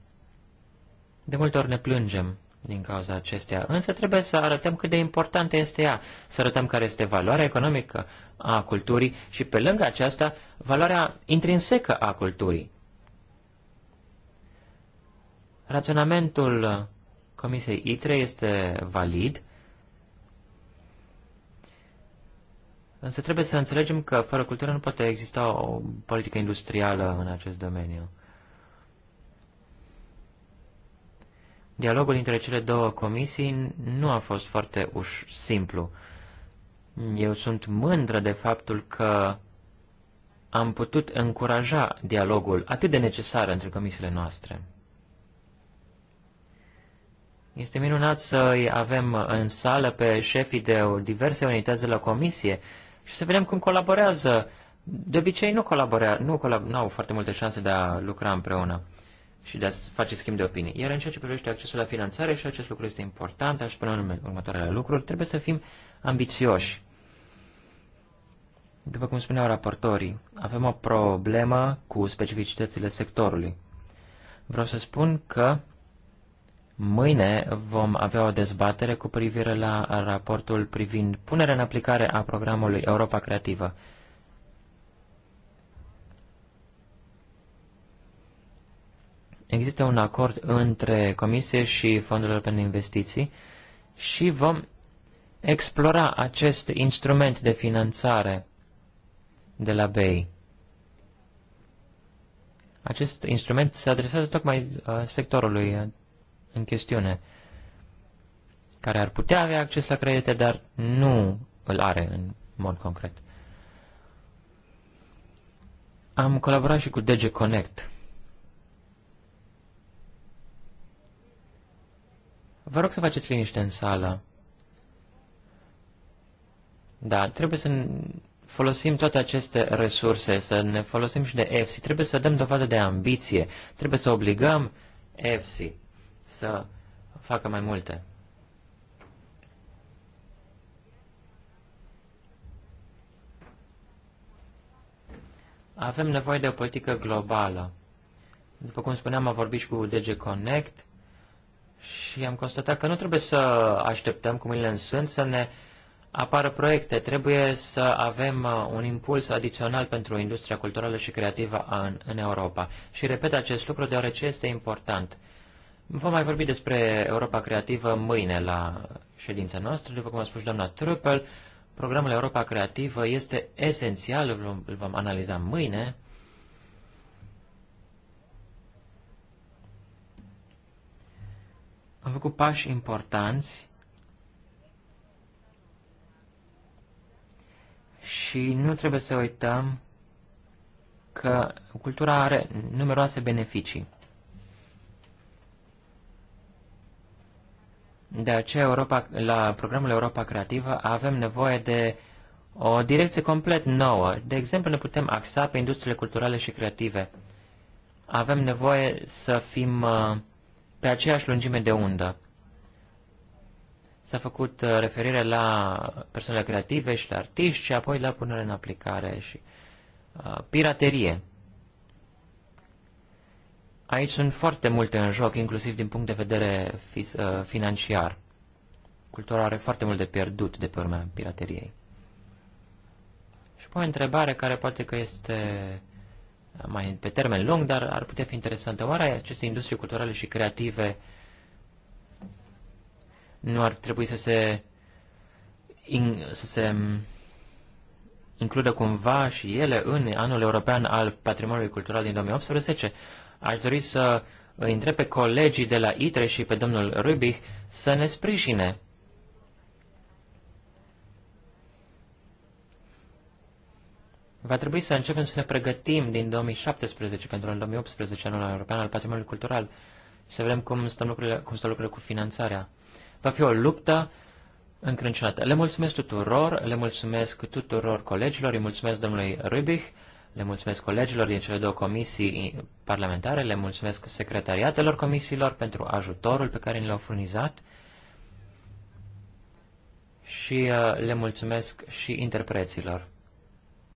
De multe ori ne plângem din cauza acesteia, însă trebuie să arătăm cât de importantă este ea, să arătăm care este valoarea economică a culturii și, pe lângă aceasta, valoarea intrinsecă a culturii. Raționamentul Comisiei ITRE este valid Însă trebuie să înțelegem că fără cultură nu poate exista o politică industrială în acest domeniu. Dialogul între cele două comisii nu a fost foarte uș simplu. Eu sunt mândră de faptul că am putut încuraja dialogul atât de necesar între comisiile noastre. Este minunat să avem în sală pe șefii de diverse unități de la comisie și să vedem cum colaborează. De obicei nu colaborează, nu, colab- nu au foarte multe șanse de a lucra împreună și de a face schimb de opinii. Iar în ceea ce privește accesul la finanțare, și acest lucru este important, aș spune următoarele lucruri, trebuie să fim ambițioși. După cum spuneau raportorii, avem o problemă cu specificitățile sectorului. Vreau să spun că Mâine vom avea o dezbatere cu privire la raportul privind punerea în aplicare a programului Europa Creativă. Există un acord între Comisie și Fondul pentru Investiții și vom explora acest instrument de finanțare de la BEI. Acest instrument se adresează tocmai uh, sectorului în chestiune, care ar putea avea acces la credite, dar nu îl are în mod concret. Am colaborat și cu DG Connect. Vă rog să faceți liniște în sală. Da, trebuie să folosim toate aceste resurse, să ne folosim și de EFSI. Trebuie să dăm dovadă de ambiție. Trebuie să obligăm EFSI să facă mai multe. Avem nevoie de o politică globală. După cum spuneam, am vorbit și cu DG Connect și am constatat că nu trebuie să așteptăm cu mâinile în sân să ne apară proiecte. Trebuie să avem uh, un impuls adițional pentru industria culturală și creativă în, în Europa. Și repet acest lucru deoarece este important. Vom mai vorbi despre Europa Creativă mâine la ședința noastră. După cum a spus doamna Trupel, programul Europa Creativă este esențial, îl vom analiza mâine. Am făcut pași importanți și nu trebuie să uităm că cultura are numeroase beneficii. De aceea, Europa, la programul Europa Creativă avem nevoie de o direcție complet nouă. De exemplu, ne putem axa pe industriile culturale și creative. Avem nevoie să fim uh, pe aceeași lungime de undă. S-a făcut uh, referire la persoanele creative și la artiști și apoi la punere în aplicare și uh, piraterie. Aici sunt foarte multe în joc, inclusiv din punct de vedere uh, financiar. Cultura are foarte mult de pierdut de pe urmea pirateriei. Și o întrebare care poate că este uh, mai pe termen lung, dar ar putea fi interesantă. Oare aceste industrie culturale și creative nu ar trebui să se, in, să se um, includă cumva și ele în anul european al patrimoniului cultural din 2018? Aș dori să îi întreb pe colegii de la ITRE și pe domnul Rubich să ne sprijine. Va trebui să începem să ne pregătim din 2017 pentru în 2018 anul european al patrimoniului cultural și să vedem cum stă lucrurile, cum stă lucrurile cu finanțarea. Va fi o luptă încrâncenată. Le mulțumesc tuturor, le mulțumesc tuturor colegilor, îi mulțumesc domnului Rubich le mulțumesc colegilor din cele două comisii parlamentare, le mulțumesc secretariatelor comisiilor pentru ajutorul pe care ni l-au furnizat și uh, le mulțumesc și interpreților.